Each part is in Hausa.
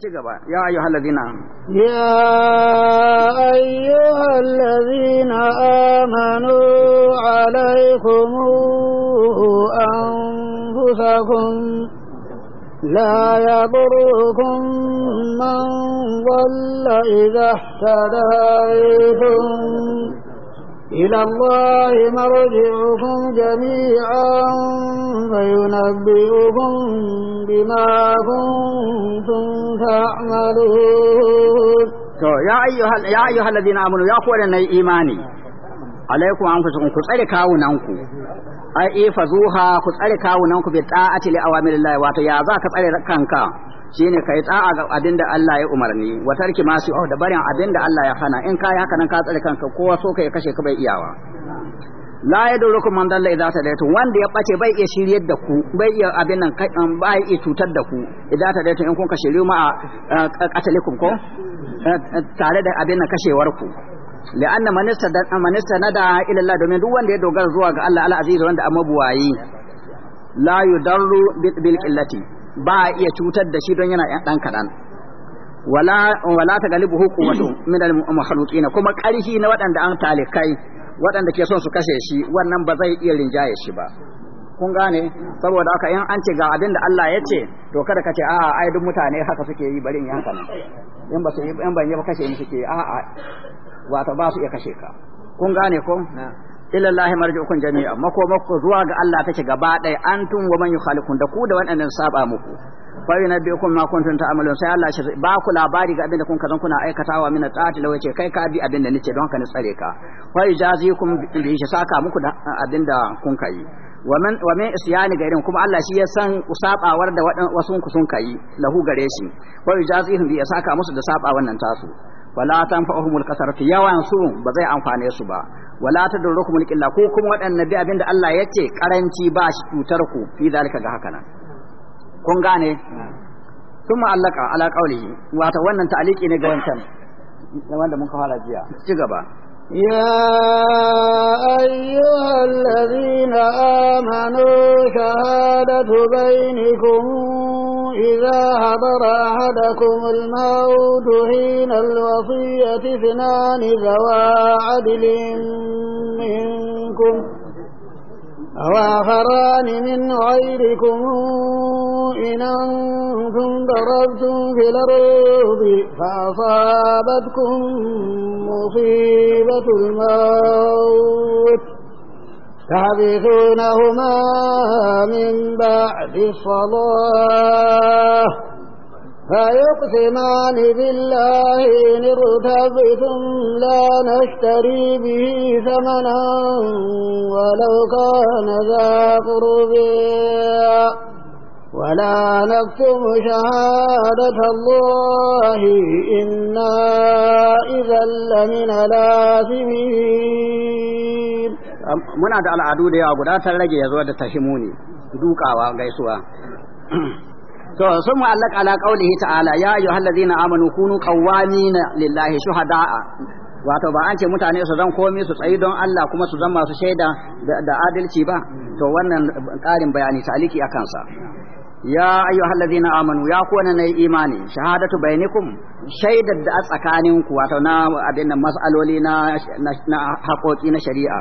ci gaba ya amanu alaykum anfusakum la yadurukum man dhalla idha ihtadaytum إلى الله مرجعكم جميعا فينبئكم بما كنتم تعملون to ya ayyuhal ya ayyuhal ladina amanu ya kuwa nan imani alaikum anfusukum ku tsare kawunanku ai ifazuha ku tsare kawunanku bi ta'ati li awamirillahi wato ya za ka tsare kanka shine kai da'a ga abin da Allah ya umarni wa tarki ma su da barin abin da Allah ya hana in kai haka nan ka tsare kanka kowa so kai kashe ka bai iyawa la yadurukum man dalla idza tadaitu wanda ya bace bai iya shiryar da ku bai iya abin nan um, bai iya cutar da ku idza tadaitu in kun kashe ma katalikum uh, ko uh, uh, tare da abin nan kashewar ku لأن من استند من استند ila Allah domin duk wanda ya dogara zuwa ga Allah al-aziz wanda buwayi la yudarru bil qillati ba a iya cutar da shi don yana ɗan kaɗan wala wala ta galibu hukumatu min al na. kuma ƙarfi na waɗanda an talikai waɗanda ke son su kashe shi wannan ba zai iya rinjaye shi ba kun gane saboda haka in an ce ga abin da Allah ya ce to kada ka ce a'a ai duk mutane haka suke yi bari in yanka in ba su yi in ban yi ba kashe ni suke a'a wato ba su iya kashe ka kun gane ko ilallahi marji'ukum jami'a makomakku zuwa ga Allah take gaba ɗaya antum wa man yukhalikun da ku da waɗannan saba muku fa yunabbiukum ma kuntum ta'malun sai Allah shi ba ku labari ga abinda kun kazan kuna aikatawa min ta'ati lawace kai ka bi abinda nace don ka ni tsare ka fa yujazikum bi shi saka muku da abinda kun kai wa man wa min isyani gairin kuma Allah shi ya san sabawar da wasu sun kai lahu gare shi fa yujazihum bi saka musu da saba wannan tasu wala tanfa'uhumul kasaratu yawan su ba zai amfane su ba wala tadurrukumul illa ko kuma waɗannan bi abinda Allah ya ce karanci ba shi cutar ku fi zalika ga haka nan kun gane kuma allaka ala qaulihi wato wannan ta'aliki ne ga wancan wanda mun hara jiya ci gaba يا أيها الذين آمنوا شهادة بينكم إذا حضر أحدكم الموت حين الوصية اثنان ذوى عدل منكم وآخران من غيركم إن أنتم ضربتم في الأرض فأصابتكم مصيبة الموت تحبثونهما من بعد الصلاة فيقسمان بالله إن ارتبتم لا نشتري به ثمنا ولو كان ذا قربا ولا نكتم شهادة الله إنا إذا لمن الآثمين muna da al'adu da yawa guda ta rage ya zo da tashimuni dukawa gaisuwa to sun mu'allaq ala qaulihi ta'ala ya ayyuhallazina amanu kunu qawwamina lillahi shuhada'a wato ba an ce mutane su zan komi su tsayi don Allah kuma su zama masu shaida da adalci ba to wannan ƙarin bayani aliki a kansa ya ayyuhallazina amanu ya ku na yi imani shahadatu bainakum shaidar da a tsakanin ku wato na abin nan mas'aloli na na haƙoƙi na shari'a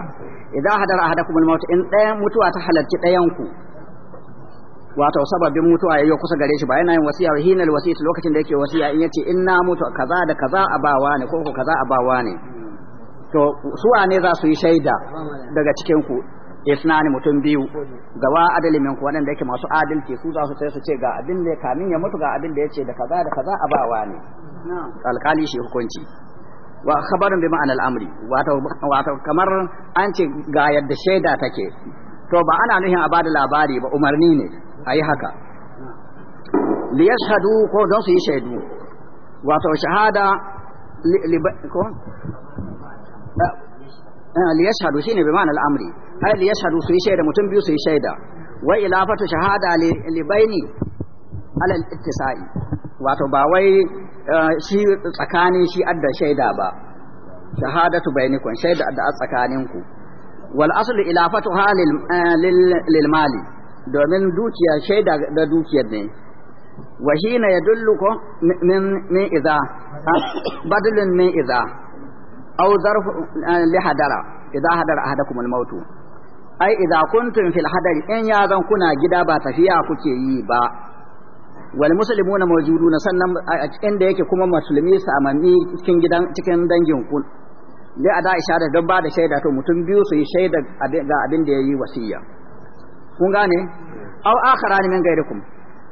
idan hadara ahadakumul maut in ɗayan mutuwa ta halarci ɗayan ku wato sababin mutuwa yayi kusa gare shi ba yana yin wasiya ba hinal wasiyatu lokacin da yake wasiya in yace in na mutu kaza da kaza a bawa ne ko ko kaza a bawa ne to su ne za su yi shaida daga cikin ku isnani mutum biyu gawa adali minku da yake masu adalci su za su sai su ce ga abin da kamin ya mutu ga abin da yace da kaza da kaza a bawa ne alkali shi hukunci wa khabarin bi ma'anar amri wato kamar an ce ga yadda shaida take to ba ana nuhin a bada labari ba umarni ne ayi haka liyashhadu ko don su yi shaidu wato shahada ko liyashhadu shine bi ma'anar amri ai liyashhadu su yi shaida mutum biyu su yi shaida wa ilafatu shahada li baini ala ittisai wato ba wai shi tsakanin shi adda shaida ba shahadatu bainakum shaida adda tsakaninku wal aslu ilafatu halil lil mali domin dukiya shaida da dukiyar ne wa hina dullu ko min iza idza min iza aw zarf eh, li hadara idza hadara ahadakum al mautu ai idza kuntum fil hadari in ya zan kuna gida ba tafiya kuke yi ba wal muslimuna mawjuduna sannan a cikin da yake kuma musulmi samanni cikin gidan cikin dangin ku da ada isha da don ba da shaida to mutum biyu su yi shaida ga abin da yi wasiya kun gane aw akhara min gairikum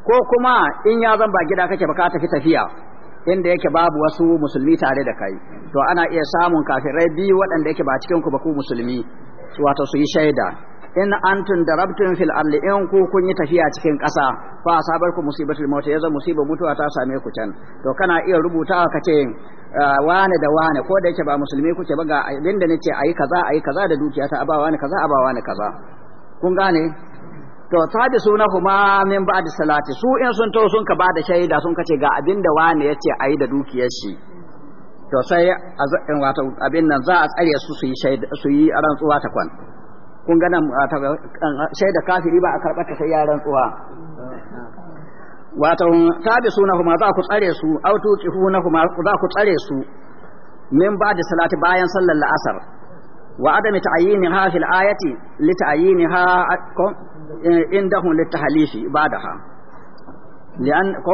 ko kuma in ya zan ba gida kake ba ka tafi tafiya inda yake babu wasu musulmi tare da kai to ana iya samun kafirai biyu waɗanda yake ba cikin ku ba ku musulmi wato su yi shaida in antum darabtum fil ardi in ku kun yi tafiya cikin ƙasa fa asabarku musibatul maut yazo musiba mutuwa ta same ku can to kana iya rubuta ka ce ah, wane da wane ko da yake ba musulmi kuke ba ga abinda nace ayi kaza ayi kaza da dukiya ta abawa ne kaza abawa ne kaza kun gane to tabisunahuma min da salati su in sun to sun ka ba da shaida sun kace ga abin da wani yace ayi da dukiyar shi to sai wato abin nan za a tsare su su yi shaida su yi rantsuwa ta kwan kun ga nan shaida kafiri ba a karɓa ta sai ya rantsuwa wato huma za ku tsare su autu huma za ku tsare su min da salati bayan sallar la'asar wa adami ta'yiniha fil ayati li ha indahum litahlifi ba'daha li'an ko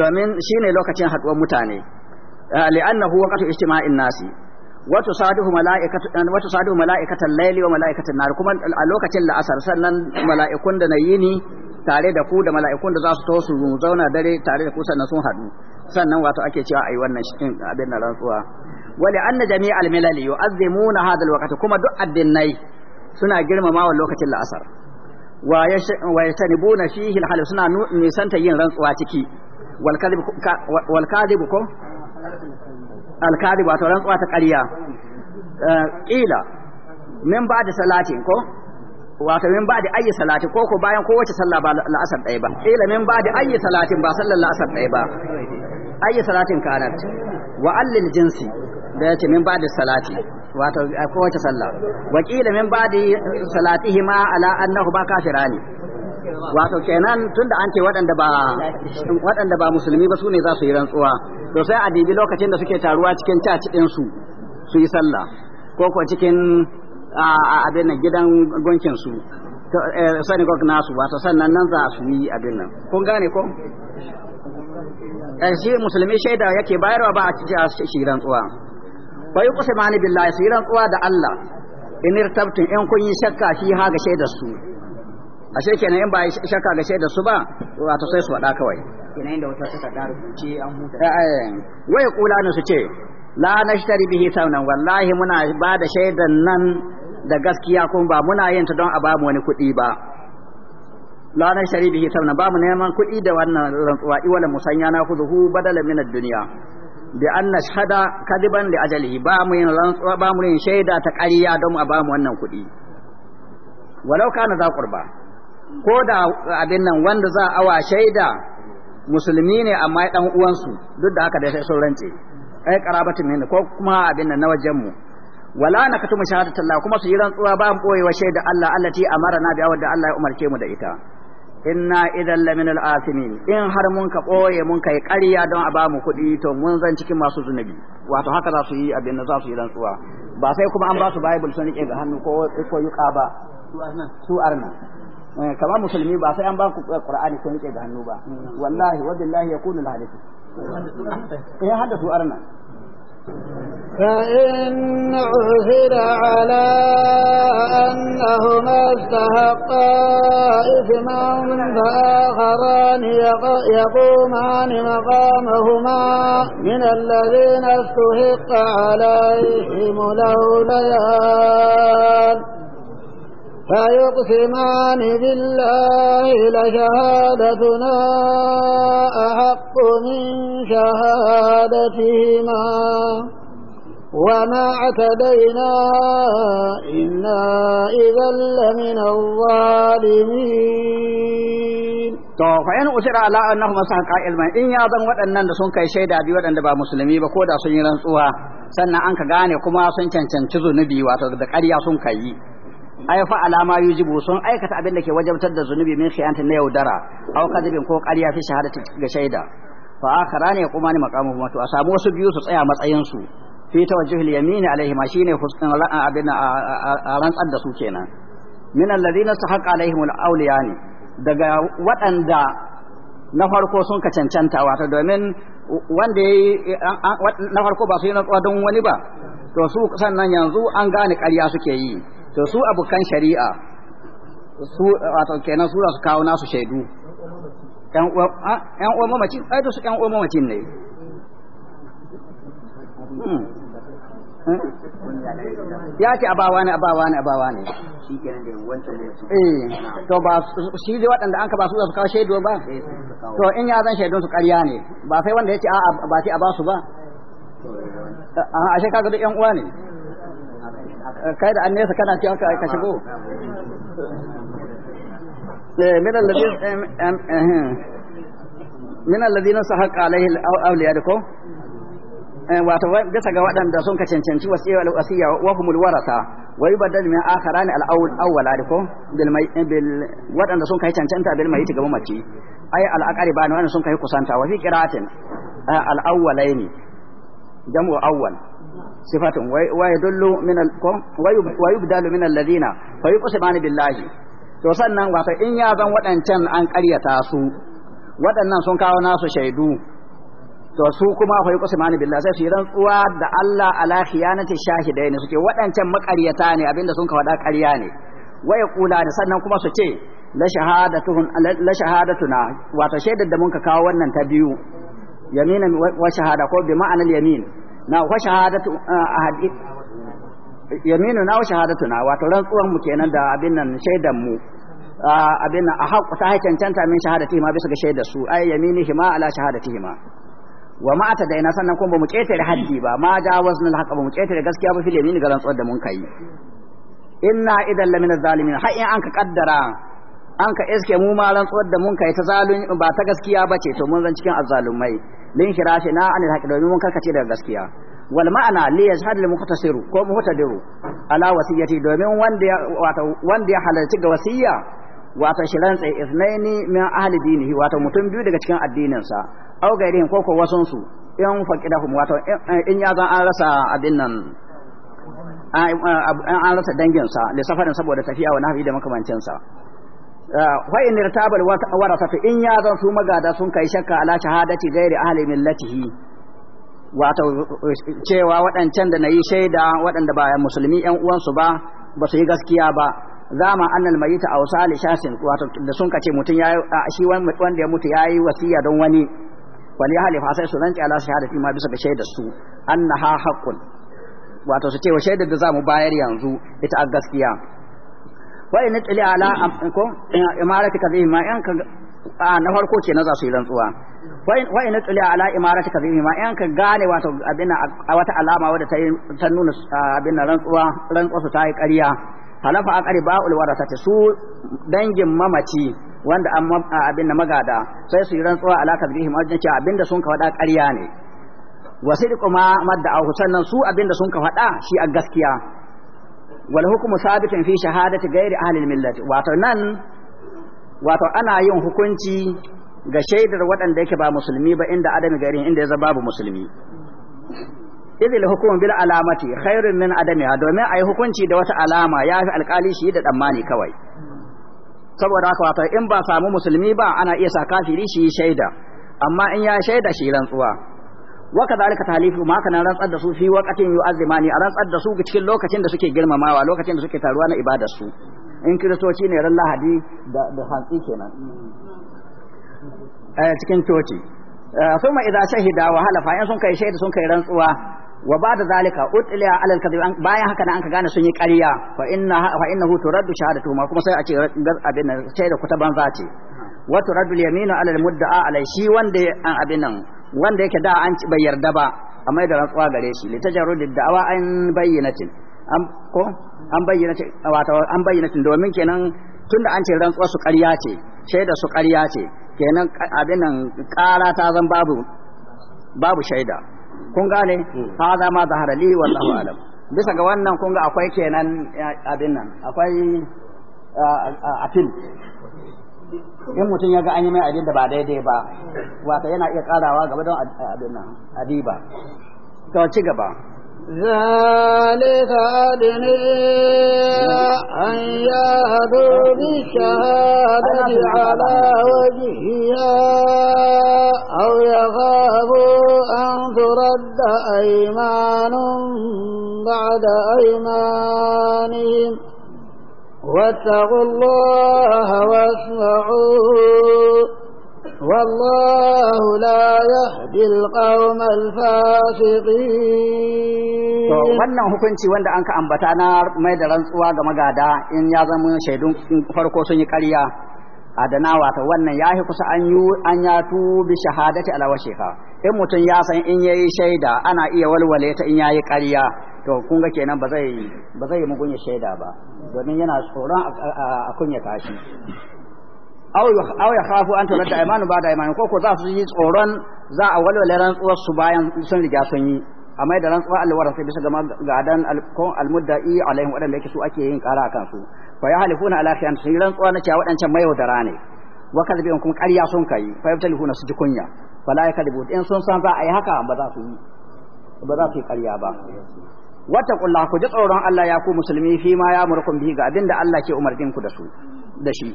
domin shine lokacin haduwar mutane li'annahu waqtu istima'in nasi wa tusadihu mala'ikatu wa tusadihu mala'ikatan layli wa malaikatan nar kuma a lokacin la'asar sannan mala'ikun da na tare da ku da mala'ikun da za su tosu su zauna dare tare da ku sannan sun haɗu sannan wato ake cewa ayi wannan shikin abin na rantsuwa wali anna jami'al milali yu'azzimuna hadha alwaqt kuma duk addinai suna girmamawa lokacin la'asar wa yatanibuna fihi alhalif suna nisanta yin rantsuwa ciki wal kadhib ko al kadhib wato rantsuwa ta ƙarya qila eh, min ba da salatin ko wato min ba'da ayi salati ko ko bayan kowace sallah ba la'asar ɗaya ba qila min ba da ayyi salatin ba sallar la'asar ɗaya ba Ayyi salatin kanat wa allil jinsi da yace min ba'da salati wato akwai wata sallah wakila min ba'da salatihi ma ala annahu ba kafirani wato kenan tunda an ce waɗanda ba waɗanda ba musulmi ba su ne za su yi rantsuwa to sai a dibi lokacin da suke taruwa cikin caci ɗin su su yi sallah ko ko cikin abin gidan gunkin su eh, sanigog nasu wato sannan nan za su yi abin nan kun gane ko eh, shi musulmi shaida yake bayarwa ba a cikin shi rantsuwa fa yuqsimani billahi su yi rantsuwa da Allah in irtabtu in kun yi shakka fi ha ga shaidar su ashe kenan in ba yi shakka ga shaidar su ba wato sai su faɗa kawai kenan inda wata suka da rubuce an huta wai kula ne su ce la nashtari bihi saunan wallahi muna ba da shaidan nan da gaskiya kun ba muna yin ta don a ba mu wani kuɗi ba la nashtari bihi saunan ba mu neman kuɗi da wannan rantsuwa iwala musanya na kuzuhu badala min ad-dunya bi an nashhada kadiban li ajalihi ba mu yin rantsuwa ba mu yin shaida ta ƙarya don a ba mu wannan kuɗi walau kana za qurba ko da abin nan wanda za a awa shaida musulmi ne amma ya dan uwansu duk da haka da sai sun rance ai qarabatu ne ko kuma abin nan na wajen mu wala nakatumu shahadatu shahadatullah kuma su yi rantsuwa ba mu wa shaida Allah Allah amara na bi awda Allah ya umarce mu da ita inna idan lamin al'asimin in har mun ka ɓoye mun kai ƙarya don a bamu kuɗi to mun zan cikin masu zunubi wato haka za su yi abin da za su yi rantsuwa ba sai kuma an ba su bible sun rike ga hannu ko ko yuka ba su arna eh, kama musulmi ba sai an ba ku qur'ani sun rike ga hannu ba wallahi wa billahi yakunu al-hadith eh hada su arna فإن عثر على أنهما استحقا إثما فآخران يقومان مقامهما من الذين استحق عليهم الأوليان فيقسمان بالله لشهادتنا أحق من شهادتهما وما اعتدينا إنا إذا لمن الظالمين to fa in usira ala annahum saqa ilman in ya zan waɗannan da sun kai shaida bi waɗanda ba musulmi ba ko da sun yi rantsuwa sannan an ka gane kuma sun cancanci zunubi wato da ƙarya sun kai ay fa alama yujibu sun aikata abin da ke wajabtar da zunubi min khiyanta na yaudara aw kadibin ko ƙarya fi shahadati ga shaida fa akhara ne kuma ni maqamu kuma to a samu wasu biyu su tsaya matsayin su fi tawajjuh yamini yamin alaihi ma shine husnul abin a rantsar da su kenan min alladhina sahaqqa alaihim al-awliya ne daga waɗanda na farko sun ka cancanta wato domin wanda yayi na farko ba su yi na don wani ba to su sannan yanzu an gane ƙarya suke yi to su abokan shari'a su wato kenan su su kawo nasu shaidu yan uwan mamacin ai to su yan uwan mamacin ne hmm. Hmm. ya ce abawa ne abawa ne abawa ne shi eh, kenan da wancan ne to ba shi da waɗanda an ka ba su su kawo shaidu ba to in ya zan shaidun su ƙarya ne ba sai wanda ya ce a'a ba sai a ba su ba a shekaru da duk yan uwa ne kai da an nesa kana ce haka ka shigo من الذين من الذين سحق عليه الاولياء دكو ne waɗanda sun sifatun wa yadullu min al wa yubdalu min alladhina to sannan wato in ya zan waɗancan an ƙaryata su waɗannan sun kawo nasu shaidu to su kuma fa yuqsimani billahi sai su yi rantsuwa da Allah ala khiyanati shahidaini suke waɗancan maƙaryata ne abinda sun kawo da ƙarya ne waya kula da sannan kuma su ce la shahadatun la shahadatuna wato shaidar da mun ka kawo wannan ta biyu yamina wa shahada ko bi ma'anar yamin na wa shahadatu ah, ahadi yaminu na wa shahadatuna wato rantsuwar mu kenan da abin nan shaidan mu ah, abin nan a haƙu ta cancanta min shahadati ma bisa ga shaidar su ai yamini hima ala shahadati hima wa ma ta daina sannan kuma bamu ƙetare haddi ba ma ja waznul haqa bamu ƙetare gaskiya ba fili yamini ga rantsuwar da mun kai inna idan lamina zalimin har in an ka kaddara an ka iske mu ma rantsuwar da mun kai ta zalun ba ta gaskiya ba ce to mun zan cikin azzalumai lin shirashi na anil haqi domin mun karkace daga gaskiya wal ma'ana li yashhad al muhtasiru ko muhtadiru ala wasiyati domin wanda wato wanda ya halarci ga wasiyya wato shiran tsai isnaini min ahli dinihi wato mutum biyu daga cikin addininsa au gairihim ko ko wasun su in faqidahum wato in ya zan an rasa abin nan an rasa danginsa safarin saboda tafiya wa nahwi da makamancinsa fa in irtabal warasatu in ya zan su magada sun kai shakka ala shahadati gairi ahli millatihi wato cewa waɗancan da nayi shaida waɗanda ba musulmi ƴan uwansu ba ba su yi gaskiya ba zama annal mayita aw sali shasin wato da sun kace mutun yayi shi wanda ya mutu yayi wasiya don wani wani hali fa sai su rantsi ala shahadati ma bisa ga shaidar su annaha haqqun wato su ce wa shaidar da zamu bayar yanzu ita a gaskiya wa in tsili ala ko imarati kadhibi ma yan ka na farko ce na za su yi rantsuwa wa in tsili ala imarati kadhibi ma yan ka gane wato abin a wata alama wadda ta ta nuna abin rantsuwa rantsuwa su ta yi ƙarya halafa ba'ul warasati su dangin mamaci wanda an abin da magada sai su yi rantsuwa ala kadhibi ma wajen cewa abin da sun ka faɗa ƙarya ne wasidqu ma madda sannan su abin da sun ka faɗa shi a gaskiya wal hukmu sabitun fi shahadati ghairi ahli millati wato nan wato ana yin hukunci ga shaidar waɗanda yake ba musulmi ba inda adami garin inda ya babu musulmi idil hukumu bil alamati khairun min adamiha domin ayi hukunci da wata alama ya fi alkali shi da tsammani kawai saboda haka wato in ba samu musulmi ba ana iya sa kafiri shi shaida amma in ya shaida shi rantsuwa wa kadhalika tahlifu ma kana rantsar da su fi waqatin yu'azzimani a rantsar da su cikin lokacin da suke girmamawa lokacin da suke taruwa na ibadar su in kiristoci ne ran lahadi da da hantsi kenan a eh, cikin coci kuma eh, idan shahida wa halafa in sun kai shaida sun kai rantsuwa wa ba da zalika utliya alal kadhib bayan haka nan an ka gane sun yi ƙarya fa inna fa innahu turaddu shahadatu ma kuma sai a ce abin nan shaida ku ta banza ce wa turaddu al-yaminu alal mudda'a alai shi wanda an abin nan wanda yake da an bai yarda ba a mai da rantsuwa gare shi li da da'awa an tin an ko an bayyinatin wato an tin domin kenan tunda an ce rantsuwa su ƙarya ce shaida su ƙarya ce kenan abin nan ƙara ta zan babu babu shaida kun gane hmm. za ma zahara li wallahu alam bisa ga wannan kun ga akwai kenan abin nan akwai a apil in mutum ya ga an yi mai abin da ba daidai ba wata yana iya karawa gaba don abin nan adiba to ci gaba ذلك أدنى أن يهدوا بالشهادة على وجهها أو يخافوا أن ترد أيمان بعد أيمانهم واتقوا الله واسمعوا والله لا يهدي القوم الفاسقين to wannan hukunci wanda an ka ambata na mai da rantsuwa ga magada in ya zama shaidun farko sun yi ƙarya adana wata wannan ya kusa an yi an ya tubi shahadati ala washiha in mutum ya san in yayi shaida ana iya walwale ta in yayi ƙarya to kun ga kenan ba zai ba zai mugunya shaida ba domin yana tsoron a kunya kashi. aw ya an an da imanu ba da imanu ko ko za su yi tsoron za a walwale rantsuwar su bayan sun riga sun yi amma da rantsuwar alwara sai bisa gama gadan alkon almuddai alaihim wadanda yake su ake yin kara akan su fa ya halifuna ala khiyan sun rantsuwa na cewa wadancan mayaudara ne wa kadibin kuma ƙarya sun kai fa yabtalihuna su ji kunya fala ya kadibu in sun san za a yi haka ba za su yi ba za su yi ƙarya ba wattaqullah ku ji tsoron Allah ya ku musulmi fi ma ya murkum bi ga abinda Allah ke umarnin ku da su da shi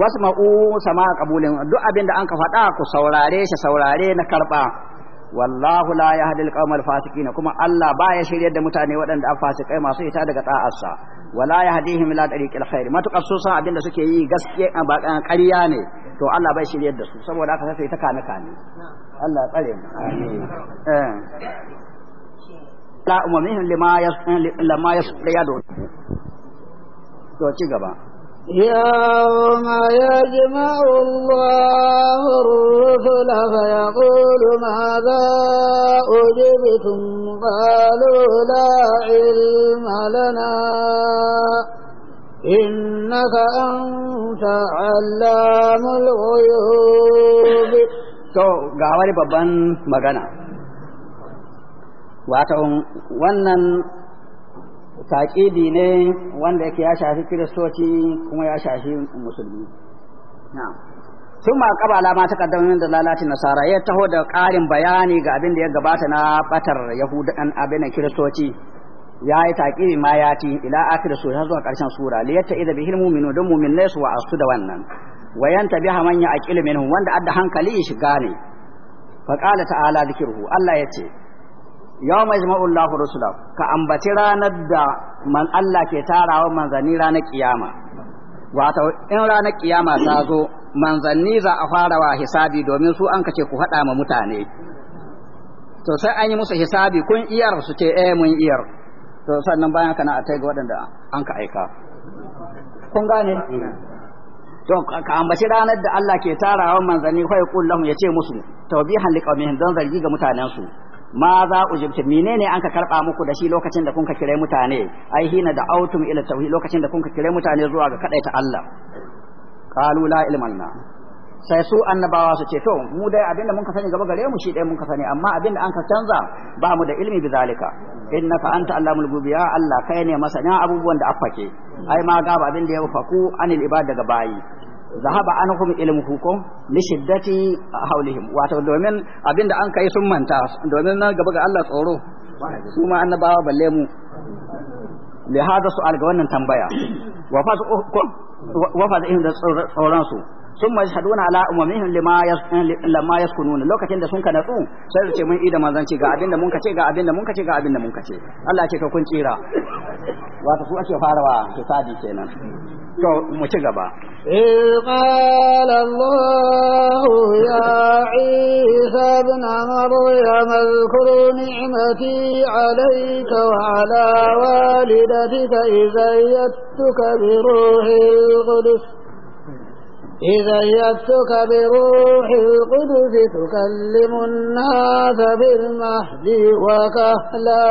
wasma'u sama qabulin duk abinda an ka faɗa ku saurare shi saurare na karba wallahu la yahdi al fasikin kuma Allah baya shiryar da mutane waɗanda an fasikai masu ita daga ta'arsa wala yahdihim ila tariqil khair matukar su san suke yi gaskiya ba ƙarya ne to Allah bai shiryar da su saboda haka sai ta kane kane Allah tsare mu amin eh. ala umamihim lima yas lima yas ya do to ci gaba يوم يجمع الله الرسل فيقول ماذا أجبتم قالوا لا علم لنا إنك أنت علام الغيوب تو غاوري بابان مغانا Wata wannan taƙidi ne wanda yake ya shafi kiristoci kuma ya shafi musulmi. Sun ma ƙaba ta ƙaddamin da lalacin nasara ya taho da ƙarin bayani ga abin da ya gabata na ɓatar Yahudan abin kiristoci ya yi taƙiri ma ya ti ila akira su zuwa ƙarshen sura liyatta idan bihin mumino don mumin su wa asu da wannan wayanta biha manya a ƙilmin wanda adda hankali shiga ne. fa ta'ala ruhu Allah ya ce. yau mai zama Allah ka ambaci ranar da man Allah ke tarawa manzanni ranar kiyama wato in ranar kiyama ta zo manzanni za a fara wa hisabi domin su an kace ku haɗa ma mutane to sai an yi musu hisabi kun iyar su ce eh mun iyar to sannan bayan kana a ga waɗanda an ka aika kun gane to ka ambaci ranar da Allah ke tarawa manzanni fa kullum ya ce musu hannu liqaumihim don zargi ga mutanensu. ma za ujibtum menene an ka karba muku da shi lokacin da kun ka kire mutane ai hina da autum ila tauhid lokacin da kun ka kire mutane zuwa ga kadaita Allah qalu la ilma lana sai su annabawa su ce to mu dai abinda mun ka sani gaba gare mu shi dai mun ka sani amma abinda an ka canza ba mu da ilmi bizalika innaka anta allamul gubiya Allah kai ne masanya abubuwan da affake ai ma ga abin da ya faku anil ibad daga bayi zahaba anhum ilmuhu ko li shiddati haulihim wato domin abinda an kai sun manta domin na gaba ga Allah tsoro su ma annabawa balle mu li hada su'al ga wannan tambaya wa fa wa da tsoron su sun mashhaduna ala umamihim lima lama yaskununa lokacin da sun ka natsu sai su ce mun ida manzanci ga abinda mun kace ga abinda mun kace ga abinda mun kace Allah ce ka kun tsira wato su ake farawa kenan to mu ci gaba qala allah ya isa ibn maryam اذكر نعمتي عليك وعلى والدتك إذ أيدتك بروح القدس إذا يبتك بروح القدس تكلم الناس بالمهد وكهلا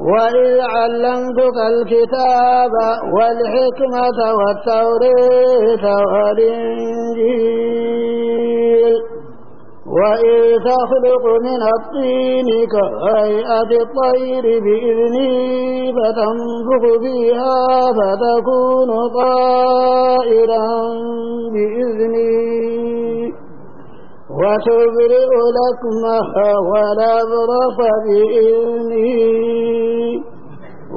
وإذ علمتك الكتاب والحكمة والتوريث والإنجيل وإذ تخلق من الطين كهيئة الطير بإذني فتنفخ فيها فتكون طائرا بإذني وتبرئ لكمها ولا برص بإذني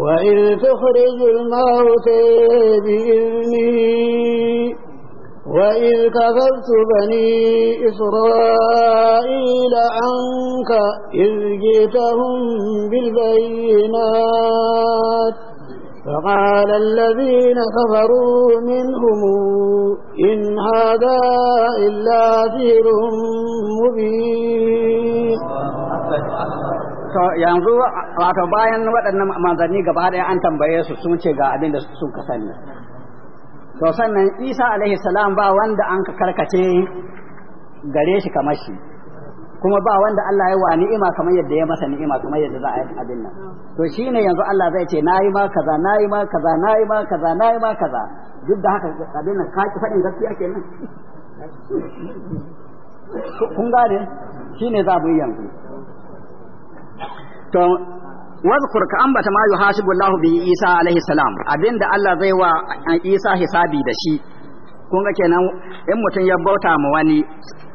وإن تخرج الموت بإذني وإذ كذبت بني إسرائيل عنك إذ جئتهم بالبينات فقال الذين كفروا منهم إن هذا إلا سحر مبين yanzu wato bayan waɗannan manzanni gaba ɗaya an tambaye su sun ce ga abin da sun ka sani to sannan isa alaihi salam ba wanda an ka karkace gare shi kamar shi kuma ba wanda Allah ya wa ni'ima kamar yadda ya masa ni'ima kamar yadda za a yi abin nan to shine yanzu Allah zai ce nayi ma kaza nayi ma kaza nayi ma kaza nayi ma kaza duk da haka abin nan ka ki faɗin gaskiya kenan kun gane shine za mu yi yanzu to wazkur ka ambata ma yuhasibu Allahu bi Isa alaihi salam abinda Allah zai wa Isa hisabi da shi kun ga kenan in mutum ya bauta ma wani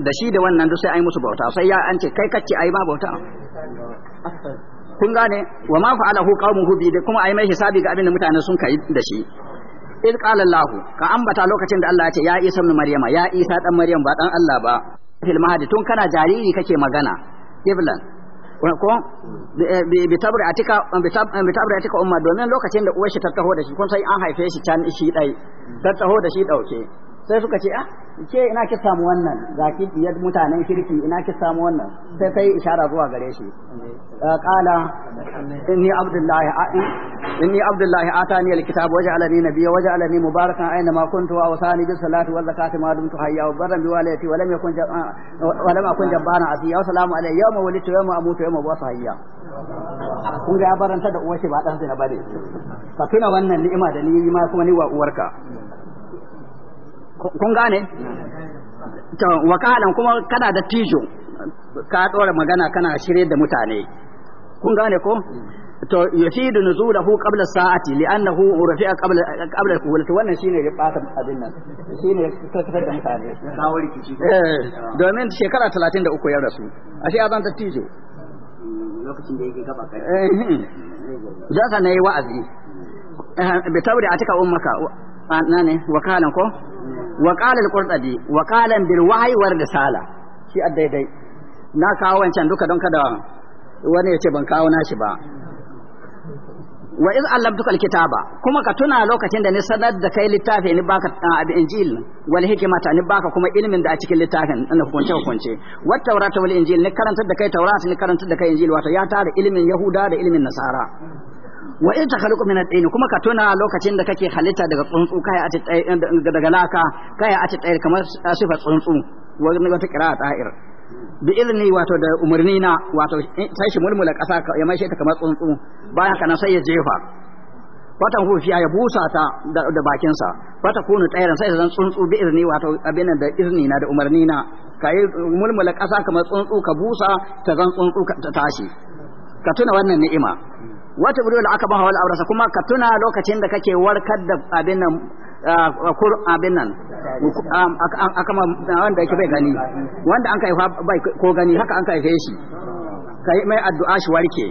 da shi da wannan duk sai ai musu bauta sai ya an ce kai kacce ai ma bauta kun gane wa ma fa'alahu qaumuhu bi da kuma ai mai hisabi ga abin da mutane sun kai da shi in qala allah ka ambata lokacin da Allah ya ce ya isa ibn maryama ya isa dan maryam ba dan Allah ba fil mahadi tun kana jariri kake magana iblan ko bi tabri atika bi tabri atika umma domin lokacin da uwar shi ta taho da shi kun sai an haife shi can shi dai ta taho da shi dauke sai suka ce ah ke ina ki samu wannan zaki biyar mutanen kirki ina ki samu wannan sai yi ishara zuwa gare shi qala inni abdullahi inni abdullahi atani alkitab waj'alani nabiyya waj'alani mubarakan aina ma kuntu wa Sani, bis Salatu, wal zakati ma dumtu hayya wa barran bi walidati wa lam yakun wa lam akun jabbana asiya wa yau ma yawma yau ma amutu yawma bu'athu hayya kun ga baranta da uwar shi ba dan na bane ka tuna wannan ni'ima da ni ma kuma ni wa uwarka kun gane wakalan kuma kana da tijo ka ɗora magana kana shirye da mutane kun gane ko to yufidu nuzulahu qabla sa'ati li'annahu urfi'a qabla qabla al wannan shine ya fata abin nan shine kasafar da mutane kawo rikici eh domin shekara 33 ya rasu ashe azan ta tijo lokacin da yake gaba kai eh da sana wa'azi eh, bi tawri atika ummaka nane wakalan ko wa qala al-qurtubi wa qala bil wahyi war shi a daidai na kawo wancan duka don kada wani ya ce ban kawo nashi ba wa iz allamtuka kitaba kuma ka tuna lokacin da ni sanar da kai littafi ni baka abin injil wal hikimata ni baka kuma ilmin da a cikin littafin ina hukunce hukunce wat tawrata wal injil ni karantar da kai tawrata ni karantar da kai injil wato ya tara ilmin yahuda da ilmin nasara wa in takhluqu min at-tin kuma ka tuna lokacin da kake halitta daga tsuntsu kai a eh, daga laka kai a tsayir kamar sifa tsuntsu wata qira'a ta'ir bi izni wato da umurni na wato eh, sai shi mulmula kasa ya mai ta kamar tsuntsu bayan kana sai ya jefa fatan hufiya ya busa ta da bakinsa fata kunu tsayar sai zan tsuntsu bi izni wato abin da izni na da umurni na kai mulmula kasa kamar tsuntsu ka busa ta zan tsuntsu ta tashi ka tuna wannan ni'ima wata buri da aka ba wal abrasa kuma ka tuna lokacin da kake warkar da abin nan ah, kur abin nan akama wanda yake bai gani wanda an kai bai ko gani haka an kai shi kai mai addu'a shi warke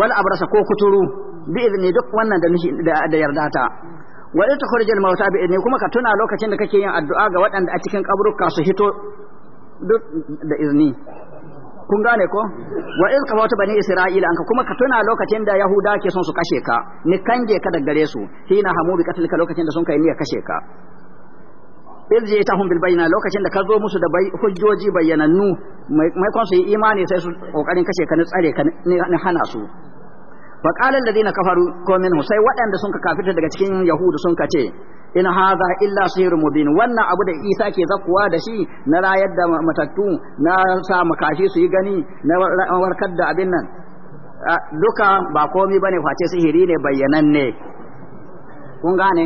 wal abrasa ko kuturu bi idni duk wannan da da yarda ta wa ita khurijal mauta bi idni kuma ka tuna lokacin da kake yin addu'a ga waɗanda a cikin kaburuka su hito duk da izini kun gane ko wa iz wata bani isra'ila anka kuma ka tuna lokacin da yahuda ke son su kashe ka ni kange ka daga gare su hina hamu bi katlika lokacin da sun kai niyyar kashe ka iz jitahum bil bayna lokacin da ka zo musu da hujjoji bayyanannu mai kon su yi imani sai su kokarin kashe ka ni tsare ka ni hana su fa qala alladhina kafaru ko minhu sai waɗanda sun ka kafita daga cikin yahudu sun ka ce in haza illa sihir mubin wannan abu da isa ke zakuwa da shi na rayar da matattu na sa makashi su yi gani na warkar da abin nan duka ba komi bane face sihiri ne bayyananne kun gane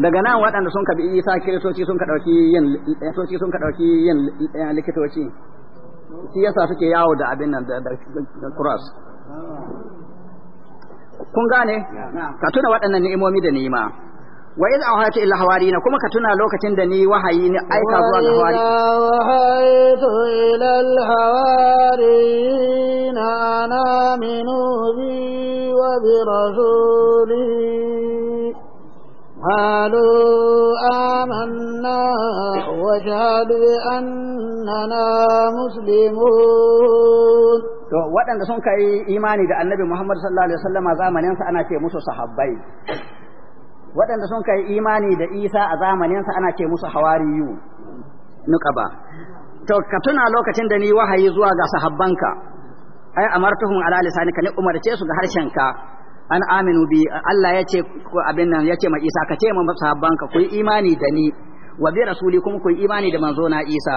daga nan waɗanda sun kabi isa kiristoci sun ka ɗauki yin kiristoci sun kaɗauki yin eh, likitoci shi yasa suke yawo da abin nan da cross kun gane ka tuna waɗannan ni'imomi da ni'ima wa iz awhaytu ila hawariyina kuma ka tuna lokacin da ni wahayi ni aika zuwa ga hawari wahaytu ila al hawariyina ana minu bi wa bi rasuli قالوا آمنا واشهد بأننا مسلمون to waɗanda sun kai imani da annabi Muhammad sallallahu alaihi wasallama sa ana ce musu sahabbai waɗanda sun kai imani da Isa a zamaninsa ana ce musu hawariyu nuqaba to ka tuna lokacin da ni wahayi zuwa ga sahabbanka ai amartuhum ala lisanika ni umarce su ga ka. an aminu bi Allah ya ce abin nan ya ce ma Isa ka ce ma sahabbanka ku imani da ni wa bi rasuli kuma ku imani da manzo na Isa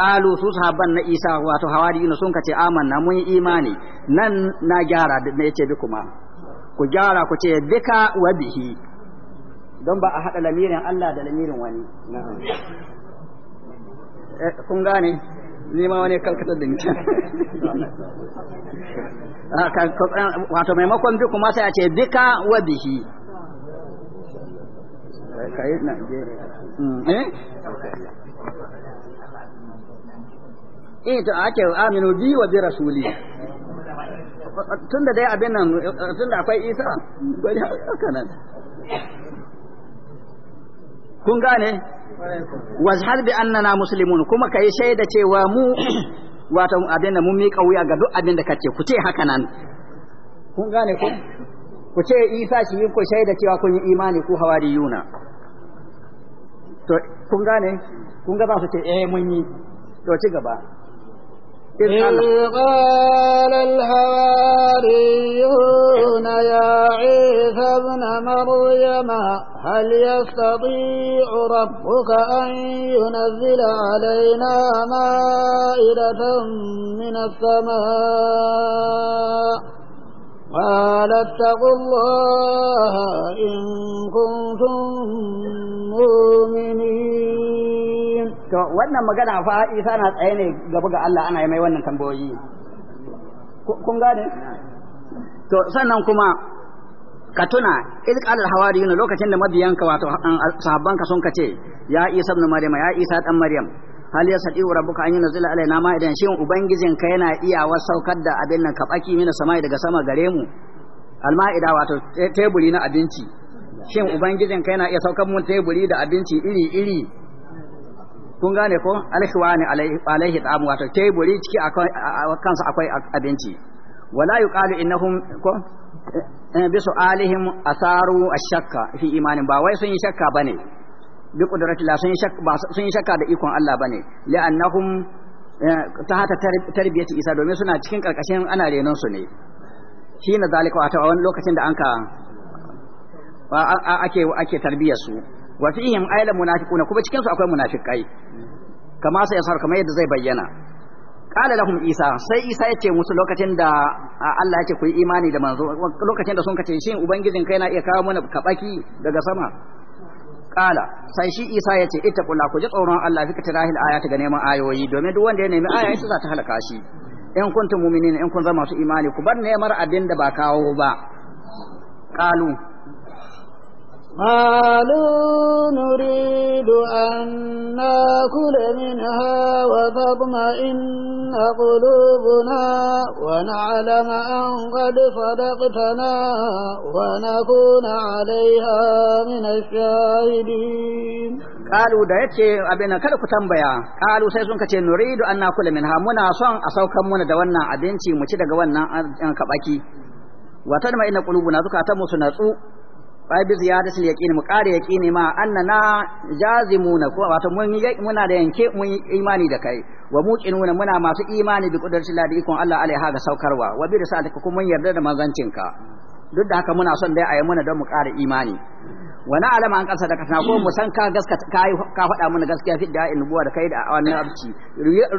qalu su sahabban na Isa wato hawariyu sun kace amanna mun yi imani nan na gyara da ce bi kuma ku gyara ku ce bika wa bihi don ba a haɗa lamirin Allah da lamirin wani eh, kun gane nema wani kalkatar da mutum ah, wato maimakon duk kuma sai a ce duka wa bihi eh, mm, eh? eh to ake aminu bi wa bi rasuli tunda dai abin nan tunda akwai isa gwani haka nan kun gane wazhar bi annana muslimun kuma kai shaida cewa mu wato abin da mun miƙa wuya ga duk abin da kace ku ce haka nan kun gane ku ku ce isa shi yin ku shaida cewa kun yi imani ku hawariyuna to kun gane kun ga ba su ce eh mun yi to ci gaba قال الحواريون يا عيسى ابن مريم هل يستطيع ربك أن ينزل علينا مائدة من السماء قال اتقوا الله إن كنتم مؤمنين to wannan magana fa Isa na tsaye ne gaba ga Allah ana mai wannan tambayoyi kun gane to sannan kuma ka tuna iz qala hawariyuna lokacin da mabiyanka wato sahabbanka sun kace ya Isa ibn Maryam ya Isa dan Maryam hal ya sadi wa rabbuka an yunzila alaina ma idan shin ka yana iya wasaukar da abin nan ka baki mina samai daga sama gare mu alma'ida wato teburi na abinci shin ubangijin ka yana iya saukar mun teburi da abinci iri iri kun gane ko alhiwani alaihi ta'am wato teburi ciki kansa akwai abinci wala yuqalu innahum ko eh, bi su'alihim asaru ashakka fi imanin ba wai sun yi shakka bane bi qudrati la sun yi shakka sun yi shakka da ikon Allah bane li'annahum eh, ta hata tarbiyati Isa domin suna cikin karkashin ana renon su ne shi na zalika wato a wani lokacin da anka ake ake tarbiyar su wa fihim ayla munafiquna kuma cikin su akwai munafikai kama sai yasar kamar yadda zai bayyana Kala lahum isa sai isa ya ce musu lokacin da Allah yake ku yi imani da manzo lokacin da sun kace shin ubangijin kai na iya kawo mana kabaki daga sama qala sai shi isa ya ita ittaqullah ku ji tsoron Allah fi katirahil ayati ga neman ayoyi domin duk wanda ya nemi ayoyi ita za ta halaka shi in kuntum mu'minin in kun zama masu imani ku bar neman abin da ba kawo ba Kalu. قالوا نريد أن ناكل منها وتطمئن قلوبنا ونعلم أن قد صدقتنا ونكون عليها من الشاهدين قالوا da yace abin kada ku tambaya qalu sai sun kace nuridu an nakula minha muna son a saukan muna da wannan abinci mu ci daga wannan kabaki watan ma ina qulubuna zukatan mu su natsu ai bi ziyadatul yaqin mu kare yaqini ma annana jazimuna ko wato mun muna da yanke mun yi imani da kai wa muqinuna muna masu imani bi qudratil da ikon Allah alaiha ga saukarwa wa bi risalatika kuma mun yarda da manzancinka duk da haka muna son dai a yi muna don mu ƙara imani wa na alama an kasa da kasna ko mu san ka gaska ka ka faɗa mana gaskiya fi da buwa da kai da wannan abci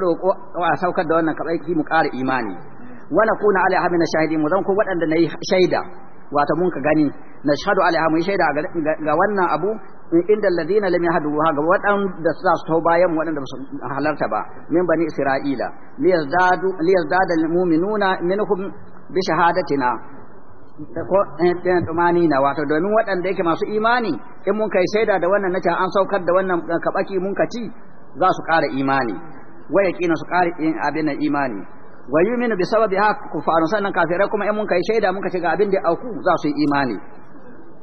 roƙo a saukar da wannan kabaiki mu ƙara imani wa nakuna alaiha min shahidi mu zan ko waɗanda nayi shaida Wata mun ka gani na shahadu alaiha mu shaida ga wannan abu inda alladhina lam yahdu ga waɗanda za su tau bayan waɗanda su halarta ba min bani isra'ila liyazdadu liyazdada almu'minuna minhum bi shahadatina ko eh, eh, na wato domin waɗanda yake masu imani in mun kai shaida da wannan nace an saukar da wannan eh, kabaki mun kaci za su ƙara imani wa yaqina su ƙara abin imani wa yu'minu bi sababiha kufarun sannan kafirai kuma in mun kai shaida muka ce ga abin da auku za su yi imani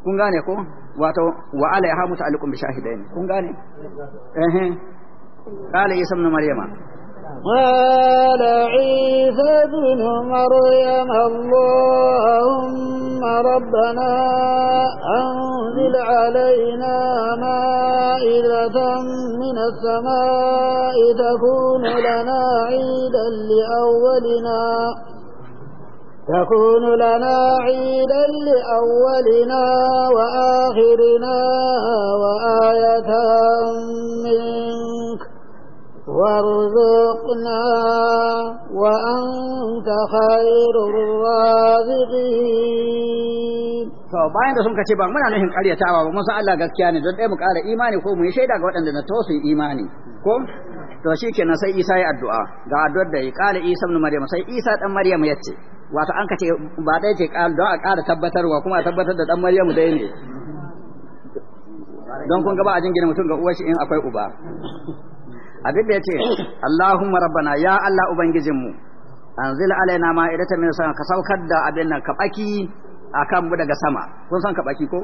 kun gane ko wato wa alaiha muta'alliqun bi shahidain kun gane eh eh qala isa ibn maryama قال عيسى ابن مريم اللهم ربنا أنزل علينا من السماء تكون لنا عيدا لأولنا تكون لنا عيدا لأولنا وآخرنا وآية منك وارزقنا وأنت خير الرازقين to bayan da sun kace ba muna nufin karyatawa ba mun san Allah gaskiya ne don ɗaya mu ƙara imani ko mu yi shaida ga waɗanda na tosu imani ko to shikenan sai Isa ya addu'a ga addu'ar da ya ƙala Isa ibn Maryam sai Isa dan Maryam ya ce wato an kace ba dai ce ƙala don a ƙara tabbatarwa kuma a tabbatar da dan Maryam dai ne don kun ga ba a jingina mutum ga uwar shi in akwai uba abin da ya ce Allahumma rabbana ya Allah ubangijinmu anzil alaina ma'idatan min sama ka saukar da abin nan ka baki kan mu daga sama kun san kabaki ko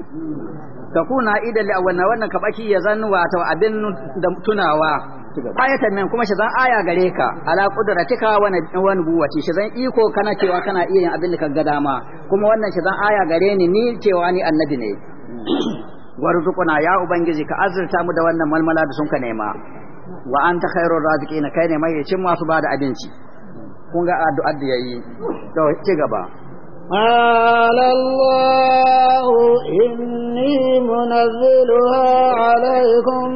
ta kuna idan wannan wannan kabaki ya zan wato abin da tunawa ayatan nan kuma shi zan aya gare ka ala qudratika wa wa nubuwati shi zan iko kana cewa kana iya yin abin da ka ga dama kuma wannan shi zan aya gare ni ni cewa ni annabi ne warzuquna ya ubangiji ka azurta mu da wannan malmala da sun ka nema wa anta khairur raziqina kai ne mai cin masu bada abinci kun ga addu'ar da yayi to ci gaba قال الله إني منزلها عليكم